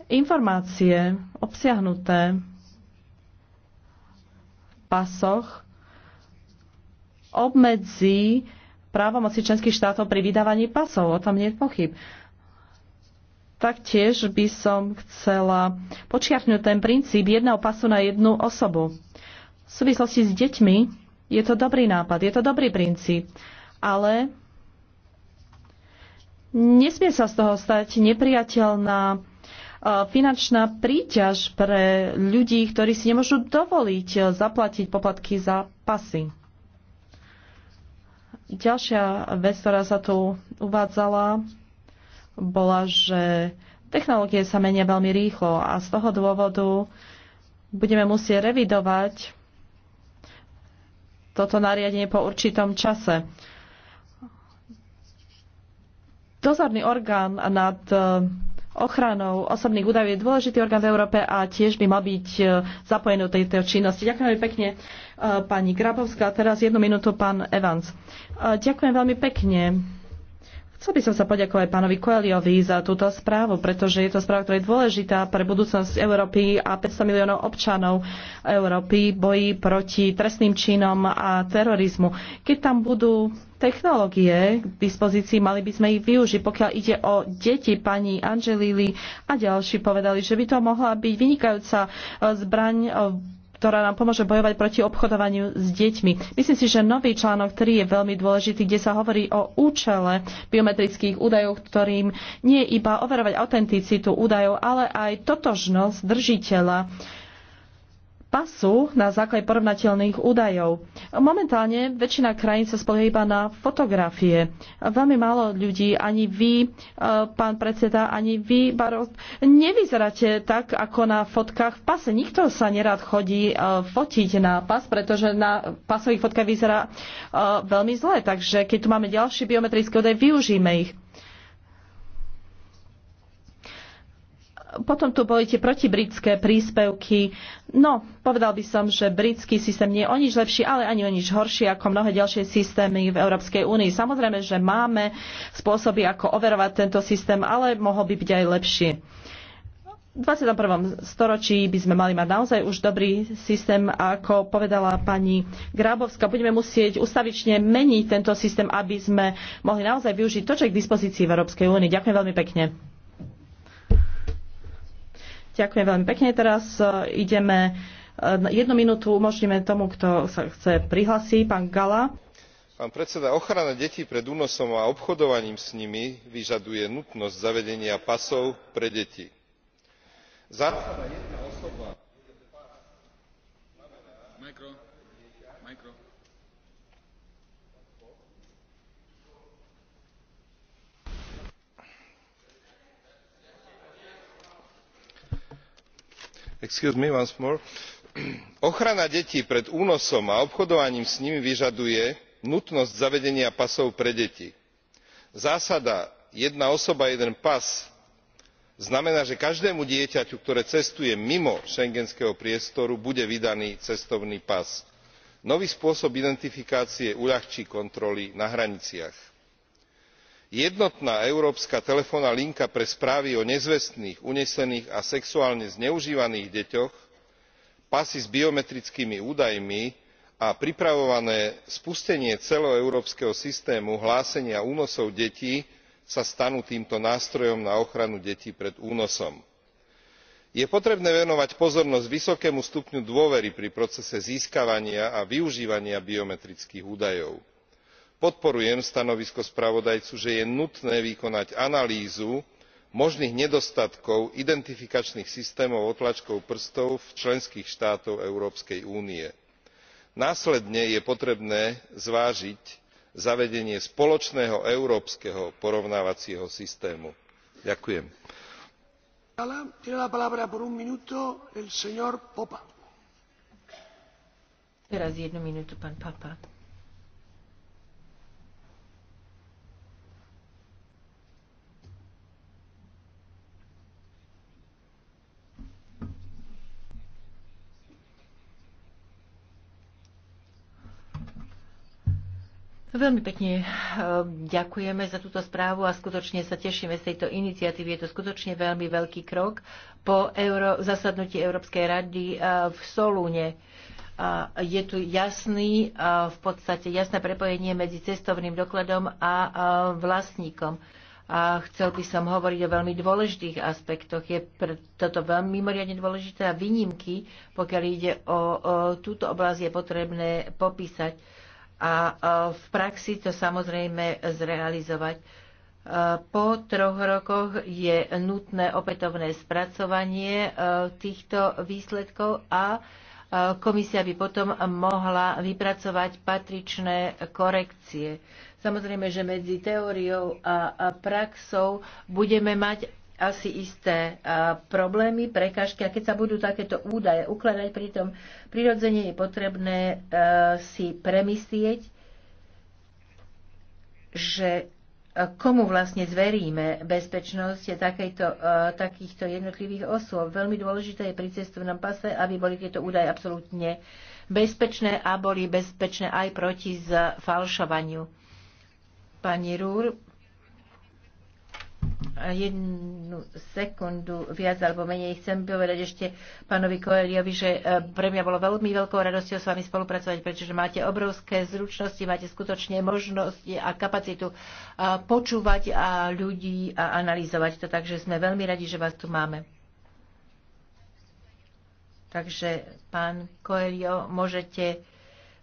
Informácie obsiahnuté v pasoch obmedzí právomoci členských štátov pri vydávaní pasov. O tom nie je pochyb. Taktiež by som chcela počiarknúť ten princíp jedného pasu na jednu osobu. V súvislosti s deťmi je to dobrý nápad, je to dobrý princíp, ale nesmie sa z toho stať nepriateľná e, finančná príťaž pre ľudí, ktorí si nemôžu dovoliť e, zaplatiť poplatky za pasy. Ďalšia vec, ktorá sa tu uvádzala, bola, že technológie sa menia veľmi rýchlo a z toho dôvodu budeme musieť revidovať toto nariadenie po určitom čase. Dozorný orgán nad e, ochranou osobných údajov je dôležitý orgán v Európe a tiež by mal byť e, zapojený do tejto činnosti. Ďakujem veľmi pekne e, pani Grabovská. Teraz jednu minútu pán Evans. Ďakujem veľmi pekne. Chcel by som sa poďakovať pánovi Koeliovi za túto správu, pretože je to správa, ktorá je dôležitá pre budúcnosť Európy a 500 miliónov občanov Európy bojí proti trestným činom a terorizmu. Keď tam budú technológie k dispozícii, mali by sme ich využiť. Pokiaľ ide o deti, pani Angelili a ďalší povedali, že by to mohla byť vynikajúca zbraň ktorá nám pomôže bojovať proti obchodovaniu s deťmi. Myslím si, že nový článok ktorý je veľmi dôležitý, kde sa hovorí o účele biometrických údajov, ktorým nie iba overovať autenticitu údajov, ale aj totožnosť držiteľa pasu na základe porovnateľných údajov. Momentálne väčšina krajín sa spolieha iba na fotografie. Veľmi málo ľudí, ani vy, e, pán predseda, ani vy, Barov, nevyzeráte tak, ako na fotkách v pase. Nikto sa nerád chodí e, fotiť na pas, pretože na pasových fotkách vyzerá e, veľmi zle. Takže keď tu máme ďalšie biometrické údaje, využíme ich. Potom tu boli tie protibritské príspevky. No, povedal by som, že britský systém nie je o nič lepší, ale ani o nič horší ako mnohé ďalšie systémy v Európskej únii. Samozrejme, že máme spôsoby, ako overovať tento systém, ale mohol by byť aj lepší. V 21. storočí by sme mali mať naozaj už dobrý systém, ako povedala pani Grábovská. Budeme musieť ustavične meniť tento systém, aby sme mohli naozaj využiť to, čo je k dispozícii v Európskej únii. Ďakujem veľmi pekne. Ďakujem veľmi pekne. Teraz e, ideme e, jednu minútu umožníme tomu, kto sa chce prihlásiť, pán Gala. Pán predseda, ochrana detí pred únosom a obchodovaním s nimi vyžaduje nutnosť zavedenia pasov pre deti. Zásada jedna osoba ochrana detí pred únosom a obchodovaním s nimi vyžaduje nutnosť zavedenia pasov pre deti. zásada jedna osoba jeden pas znamená že každému dieťaťu ktoré cestuje mimo schengenského priestoru bude vydaný cestovný pas. nový spôsob identifikácie uľahčí kontroly na hraniciach jednotná európska telefónna linka pre správy o nezvestných unesených a sexuálne zneužívaných deťoch pasy s biometrickými údajmi a pripravované spustenie celoeurópskeho systému hlásenia únosov detí sa stanú týmto nástrojom na ochranu detí pred únosom. je potrebné venovať pozornosť vysokému stupňu dôvery pri procese získavania a využívania biometrických údajov podporujem stanovisko spravodajcu že je nutné vykonať analýzu možných nedostatkov identifikačných systémov otlačkov prstov v členských štátov európskej únie. následne je potrebné zvážiť zavedenie spoločného európskeho porovnávacieho systému. ďakujem. Veľmi pekne eh, ďakujeme za túto správu a skutočne sa tešíme z tejto iniciatívy. Je to skutočne veľmi veľký krok po euro, zasadnutí Európskej rady eh, v Solúne. Je tu jasný, eh, v podstate jasné prepojenie medzi cestovným dokladom a vlastníkom. A chcel by som hovoriť o veľmi dôležitých aspektoch. Je pre toto veľmi mimoriadne dôležité a výnimky, pokiaľ ide o, o túto oblasť, je potrebné popísať a v praxi to samozrejme zrealizovať. E, po troch rokoch je nutné opätovné spracovanie e, týchto výsledkov a e, komisia by potom mohla vypracovať patričné korekcie. Samozrejme, že medzi teóriou a praxou budeme mať asi isté e, problémy, prekažky a keď sa budú takéto údaje ukladať, pritom prirodzene je potrebné e, si premyslieť, že e, komu vlastne zveríme bezpečnosť takejto, takýchto jednotlivých osôb. Veľmi dôležité je pri cestovnom pase, aby boli tieto údaje absolútne bezpečné a boli bezpečné aj proti zfalšovaniu. Pani Rúr, jednu sekundu viac alebo menej. Chcem povedať ešte pánovi Koeliovi, že e, pre mňa bolo veľmi veľkou radosťou s vami spolupracovať, pretože máte obrovské zručnosti, máte skutočne možnosti a kapacitu e, počúvať a ľudí a analyzovať to. Takže sme veľmi radi, že vás tu máme. Takže, pán Koelio, môžete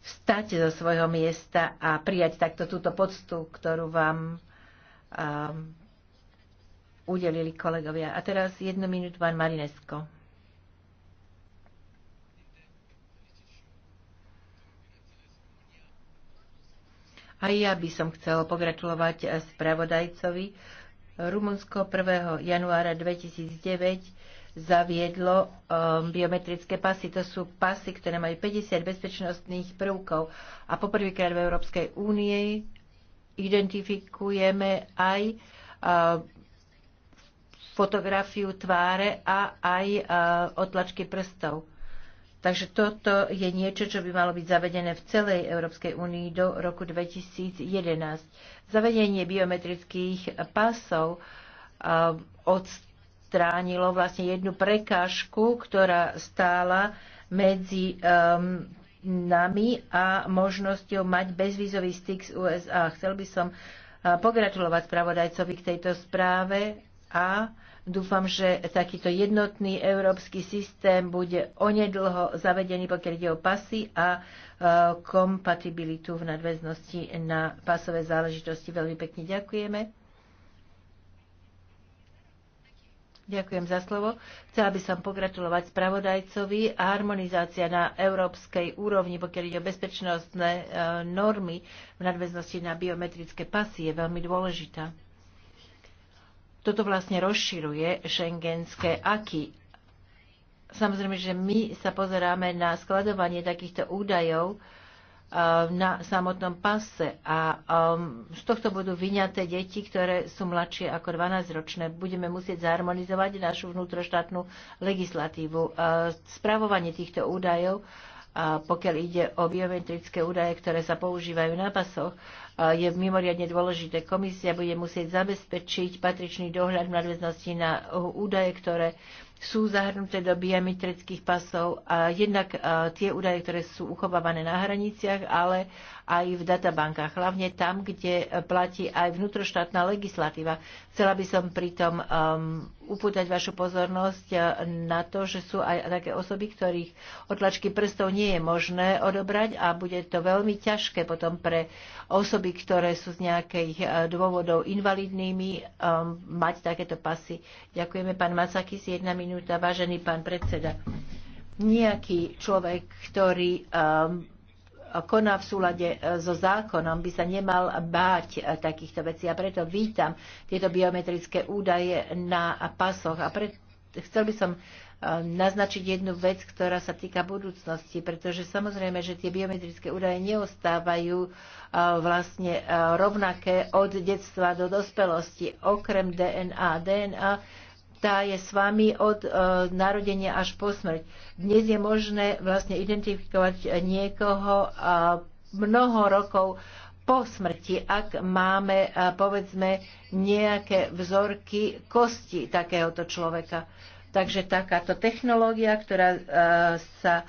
vstať zo svojho miesta a prijať takto túto poctu, ktorú vám um, udelili kolegovia. A teraz jednu minútu pán Marinesko. A ja by som chcel pogratulovať spravodajcovi. Rumunsko 1. januára 2009 zaviedlo um, biometrické pasy. To sú pasy, ktoré majú 50 bezpečnostných prvkov. A poprvýkrát v Európskej únie identifikujeme aj uh, fotografiu tváre a aj e, otlačky prstov. Takže toto je niečo, čo by malo byť zavedené v celej Európskej únii do roku 2011. Zavedenie biometrických pásov e, odstránilo vlastne jednu prekážku, ktorá stála medzi um, nami a možnosťou mať bezvízový styk z USA. Chcel by som e, pogratulovať spravodajcovi k tejto správe a Dúfam, že takýto jednotný európsky systém bude onedlho zavedený, pokiaľ ide o pasy a e, kompatibilitu v nadväznosti na pasové záležitosti. Veľmi pekne ďakujeme. Ďakujem za slovo. Chcela by som pogratulovať spravodajcovi. Harmonizácia na európskej úrovni, pokiaľ ide o bezpečnostné e, normy v nadväznosti na biometrické pasy, je veľmi dôležitá toto vlastne rozširuje šengenské aky. Samozrejme, že my sa pozeráme na skladovanie takýchto údajov e, na samotnom pase a um, z tohto budú vyňaté deti, ktoré sú mladšie ako 12-ročné. Budeme musieť zharmonizovať našu vnútroštátnu legislatívu. E, spravovanie týchto údajov, pokiaľ ide o biometrické údaje, ktoré sa používajú na pasoch, Eh, je mimoriadne dôležité. Komisia bude musieť zabezpečiť patričný dohľad v nadväznosti na eh, údaje, ktoré sú zahrnuté do biometrických pasov a jednak eh, tie údaje, ktoré sú uchovávané na hraniciach, ale aj v databankách, hlavne tam, kde platí aj vnútroštátna legislatíva. Chcela by som pritom um, upútať vašu pozornosť uh, na to, že sú aj také osoby, ktorých otlačky prstov nie je možné odobrať a bude to veľmi ťažké potom pre osoby, ktoré sú z nejakých uh, dôvodov invalidnými, um, mať takéto pasy. Ďakujeme, pán Masakis, jedna minúta, vážený pán predseda. Nejaký človek, ktorý um, koná v súlade e, so zákonom, by sa nemal báť e, takýchto vecí. A preto vítam tieto biometrické údaje na pasoch. A pre, chcel by som e, naznačiť jednu vec, ktorá sa týka budúcnosti, pretože samozrejme, že tie biometrické údaje neostávajú vlastne rovnaké od detstva do dospelosti, okrem DNA. DNA tá je s vami od e, narodenia až po smrť. Dnes je možné vlastne identifikovať niekoho e, mnoho rokov po smrti, ak máme, e, povedzme, nejaké vzorky kosti takéhoto človeka. Takže takáto technológia, ktorá e, sa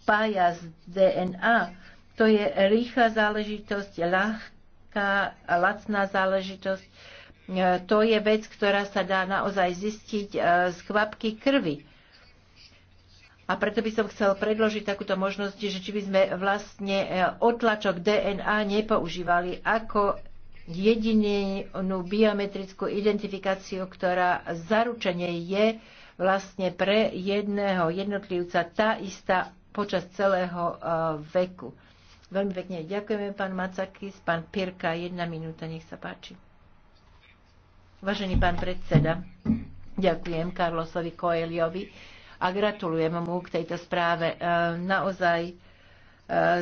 spája s DNA, to je rýchla záležitosť, ľahká, lacná záležitosť E, to je vec, ktorá sa dá naozaj zistiť e, z kvapky krvi. A preto by som chcel predložiť takúto možnosť, že či by sme vlastne e, otlačok DNA nepoužívali ako jedinú biometrickú identifikáciu, ktorá zaručenie je vlastne pre jedného jednotlivca tá istá počas celého veku. Veľmi pekne ďakujeme, pán Macakis, pán Pirka, jedna minúta, nech sa páči. Vážený pán predseda, ďakujem Karlosovi Koeliovi a gratulujem mu k tejto správe. E, naozaj e,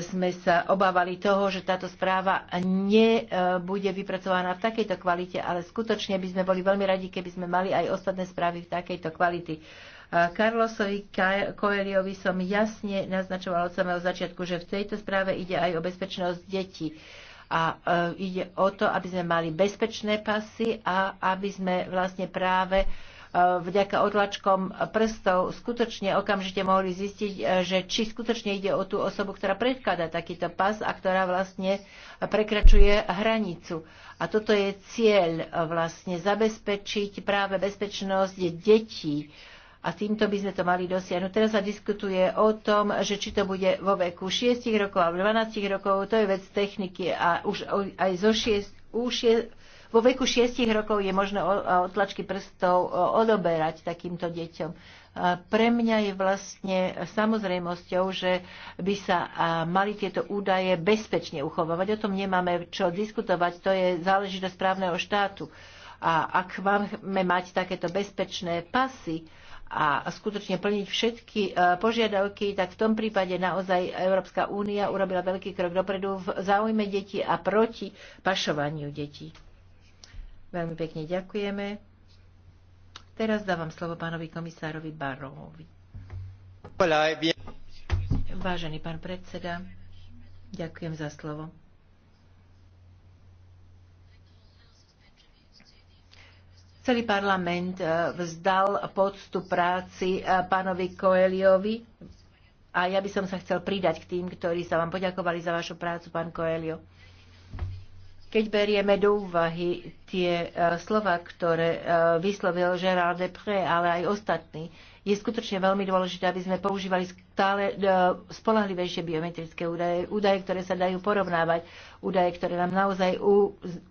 sme sa obávali toho, že táto správa nebude vypracovaná v takejto kvalite, ale skutočne by sme boli veľmi radi, keby sme mali aj ostatné správy v takejto kvality. Karlosovi e, Koeliovi som jasne naznačovala od samého začiatku, že v tejto správe ide aj o bezpečnosť detí a e, ide o to, aby sme mali bezpečné pasy a aby sme vlastne práve e, vďaka odlačkom prstov skutočne okamžite mohli zistiť, e, že či skutočne ide o tú osobu, ktorá predkladá takýto pas a ktorá vlastne prekračuje hranicu. A toto je cieľ vlastne zabezpečiť práve bezpečnosť detí a týmto by sme to mali dosiahnuť. Teraz sa diskutuje o tom, že či to bude vo veku 6 rokov alebo 12 rokov, to je vec techniky a už aj zo 6, už je, vo veku 6 rokov je možné otlačky prstov odoberať takýmto deťom. Pre mňa je vlastne samozrejmosťou, že by sa mali tieto údaje bezpečne uchovávať. O tom nemáme čo diskutovať, to je záležitosť právneho štátu. A ak máme mať takéto bezpečné pasy, a skutočne plniť všetky e, požiadavky, tak v tom prípade naozaj Európska únia urobila veľký krok dopredu v záujme detí a proti pašovaniu detí. Veľmi pekne ďakujeme. Teraz dávam slovo pánovi komisárovi Barovi. Vážený pán predseda, ďakujem za slovo. Celý parlament e, vzdal poctu práci e, pánovi Koeliovi a ja by som sa chcel pridať k tým, ktorí sa vám poďakovali za vašu prácu, pán Koelio. Keď berieme do úvahy tie e, slova, ktoré vyslovil Gérard Depré, ale aj ostatní, je skutočne veľmi dôležité, aby sme používali stále e, spolahlivejšie biometrické údaje, údaje, ktoré sa dajú porovnávať, údaje, ktoré nám naozaj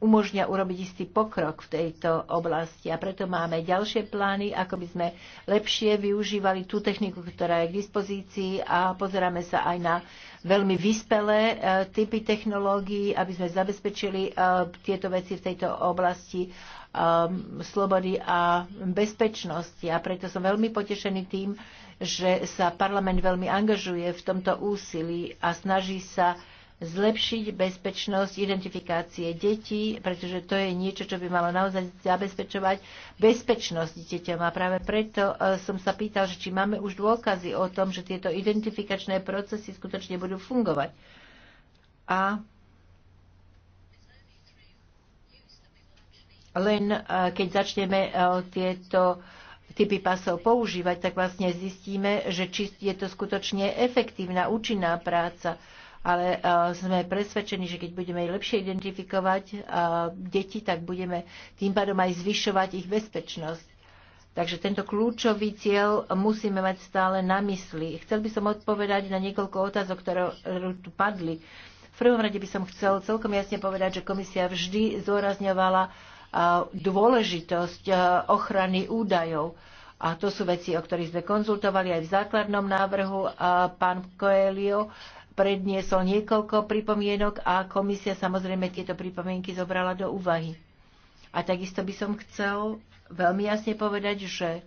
umožnia urobiť istý pokrok v tejto oblasti. A preto máme ďalšie plány, ako by sme lepšie využívali tú techniku, ktorá je k dispozícii a pozeráme sa aj na veľmi vyspelé e, typy technológií, aby sme zabezpečili e, tieto veci v tejto oblasti slobody a bezpečnosti. A preto som veľmi potešený tým, že sa parlament veľmi angažuje v tomto úsilí a snaží sa zlepšiť bezpečnosť identifikácie detí, pretože to je niečo, čo by malo naozaj zabezpečovať bezpečnosť deťom. A práve preto e, som sa pýtal, že či máme už dôkazy o tom, že tieto identifikačné procesy skutočne budú fungovať. A len e, keď začneme e, tieto typy pasov používať, tak vlastne zistíme, že či je to skutočne efektívna, účinná práca. Ale e, sme presvedčení, že keď budeme lepšie identifikovať e, deti, tak budeme tým pádom aj zvyšovať ich bezpečnosť. Takže tento kľúčový cieľ musíme mať stále na mysli. Chcel by som odpovedať na niekoľko otázok, ktoré tu padli. V prvom rade by som chcel celkom jasne povedať, že komisia vždy zdôrazňovala dôležitosť e, ochrany údajov. A to sú veci, o ktorých sme konzultovali aj v základnom návrhu. A pán Coelho predniesol niekoľko pripomienok a komisia samozrejme tieto pripomienky zobrala do úvahy. A takisto by som chcel veľmi jasne povedať, že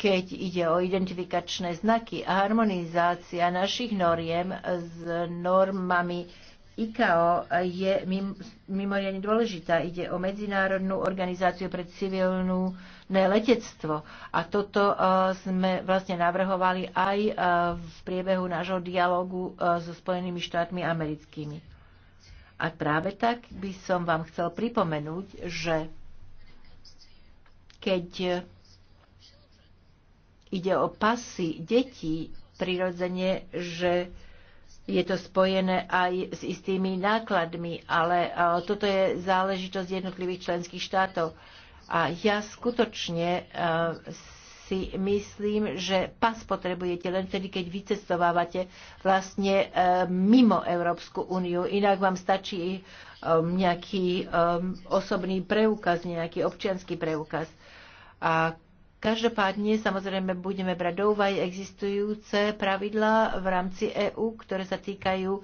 keď ide o identifikačné znaky a harmonizácia našich noriem s normami ICAO je mim, mimoriadne dôležitá. Ide o medzinárodnú organizáciu pre civilnú letectvo. A toto eh, sme vlastne navrhovali aj eh, v priebehu nášho dialogu eh, so Spojenými štátmi americkými. A práve tak by som vám chcel pripomenúť, že keď ide o pasy detí, prirodzene, že je to spojené aj s istými nákladmi, ale e, toto je záležitosť jednotlivých členských štátov. A ja skutočne e, si myslím, že pas potrebujete len vtedy, keď vycestovávate vlastne e, mimo Európsku úniu. Inak vám stačí nejaký osobný preukaz, nejaký občianský preukaz. A Každopádne samozrejme budeme brať do úvahy existujúce pravidlá v rámci EÚ, ktoré sa týkajú um,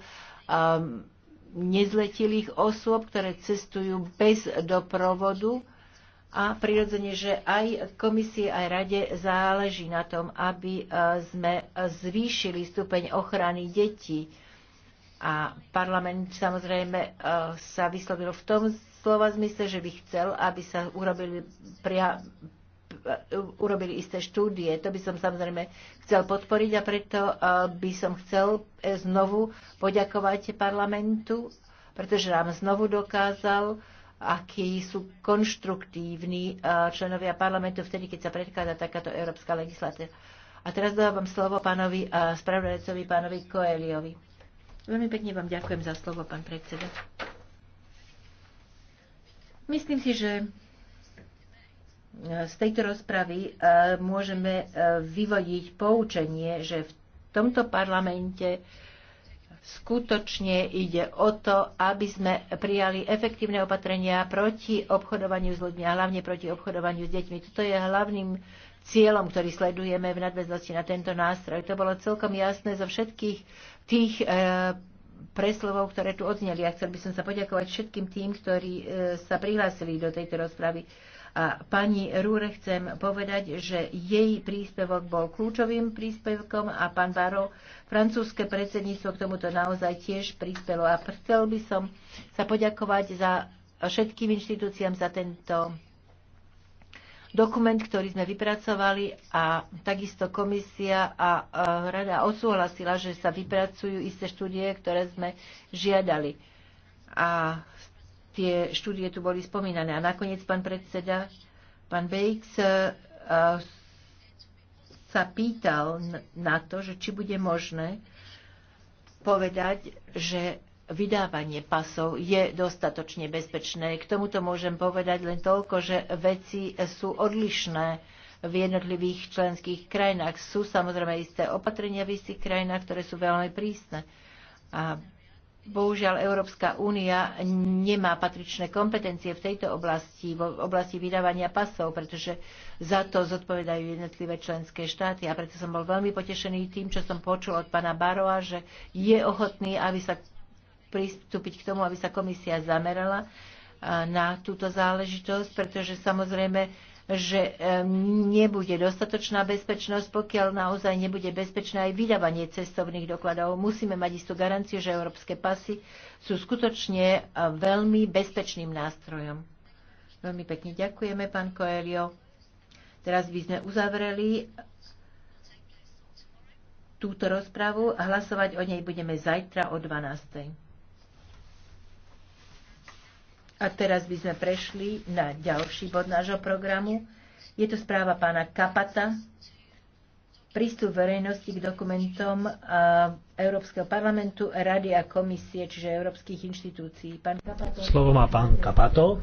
nezletilých osôb, ktoré cestujú bez doprovodu a prirodzene, že aj komisie, aj rade záleží na tom, aby uh, sme zvýšili stupeň ochrany detí. A parlament samozrejme uh, sa vyslovil v tom slova zmysle, že by chcel, aby sa urobili Eh, urobili isté štúdie. To by som samozrejme chcel podporiť a preto eh, by som chcel eh, znovu poďakovať parlamentu, pretože nám znovu dokázal, akí sú konštruktívni členovia parlamentu vtedy, keď sa predkladá takáto európska legislatíva. A teraz dávam slovo pánovi spravodajcovi, pánovi Koeliovi. Veľmi pekne vám ďakujem za slovo, pán predseda. Myslím si, že z tejto rozpravy e, môžeme e, vyvodiť poučenie, že v tomto parlamente skutočne ide o to, aby sme prijali efektívne opatrenia proti obchodovaniu s ľuďmi a hlavne proti obchodovaniu s deťmi. Toto je hlavným cieľom, ktorý sledujeme v nadväznosti na tento nástroj. To bolo celkom jasné zo všetkých tých e, preslovov, ktoré tu odzneli. Ja chcel by som sa poďakovať všetkým tým, ktorí sa prihlásili do tejto rozpravy. A pani Rúre chcem povedať, že jej príspevok bol kľúčovým príspevkom a pán Baro, francúzske predsedníctvo k tomuto naozaj tiež prispelo. A chcel by som sa poďakovať za všetkým inštitúciám za tento dokument, ktorý sme vypracovali a takisto komisia a rada odsúhlasila, že sa vypracujú isté štúdie, ktoré sme žiadali. A Tie štúdie tu boli spomínané. A nakoniec pán predseda, pán Bejks e, sa pýtal na to, že či bude možné povedať, že vydávanie pasov je dostatočne bezpečné. K tomuto môžem povedať len toľko, že veci sú odlišné v jednotlivých členských krajinách. Sú samozrejme isté opatrenia v istých krajinách, ktoré sú veľmi prísne. A Bohužiaľ, Európska únia nemá patričné kompetencie v tejto oblasti, v oblasti vydávania pasov, pretože za to zodpovedajú jednotlivé členské štáty. A preto som bol veľmi potešený tým, čo som počul od pána Baroa, že je ochotný, aby sa pristúpiť k tomu, aby sa komisia zamerala na túto záležitosť, pretože samozrejme že nebude dostatočná bezpečnosť, pokiaľ naozaj nebude bezpečné aj vydávanie cestovných dokladov. Musíme mať istú garanciu, že európske pasy sú skutočne veľmi bezpečným nástrojom. Veľmi pekne ďakujeme, pán Koelio. Teraz by sme uzavreli túto rozpravu a hlasovať o nej budeme zajtra o 12. A teraz by sme prešli na ďalší bod nášho programu. Je to správa pána Kapata. Prístup verejnosti k dokumentom Európskeho parlamentu, Rady a komisie, čiže európskych inštitúcií. Pán Kapato. Slovo má pán Kapato.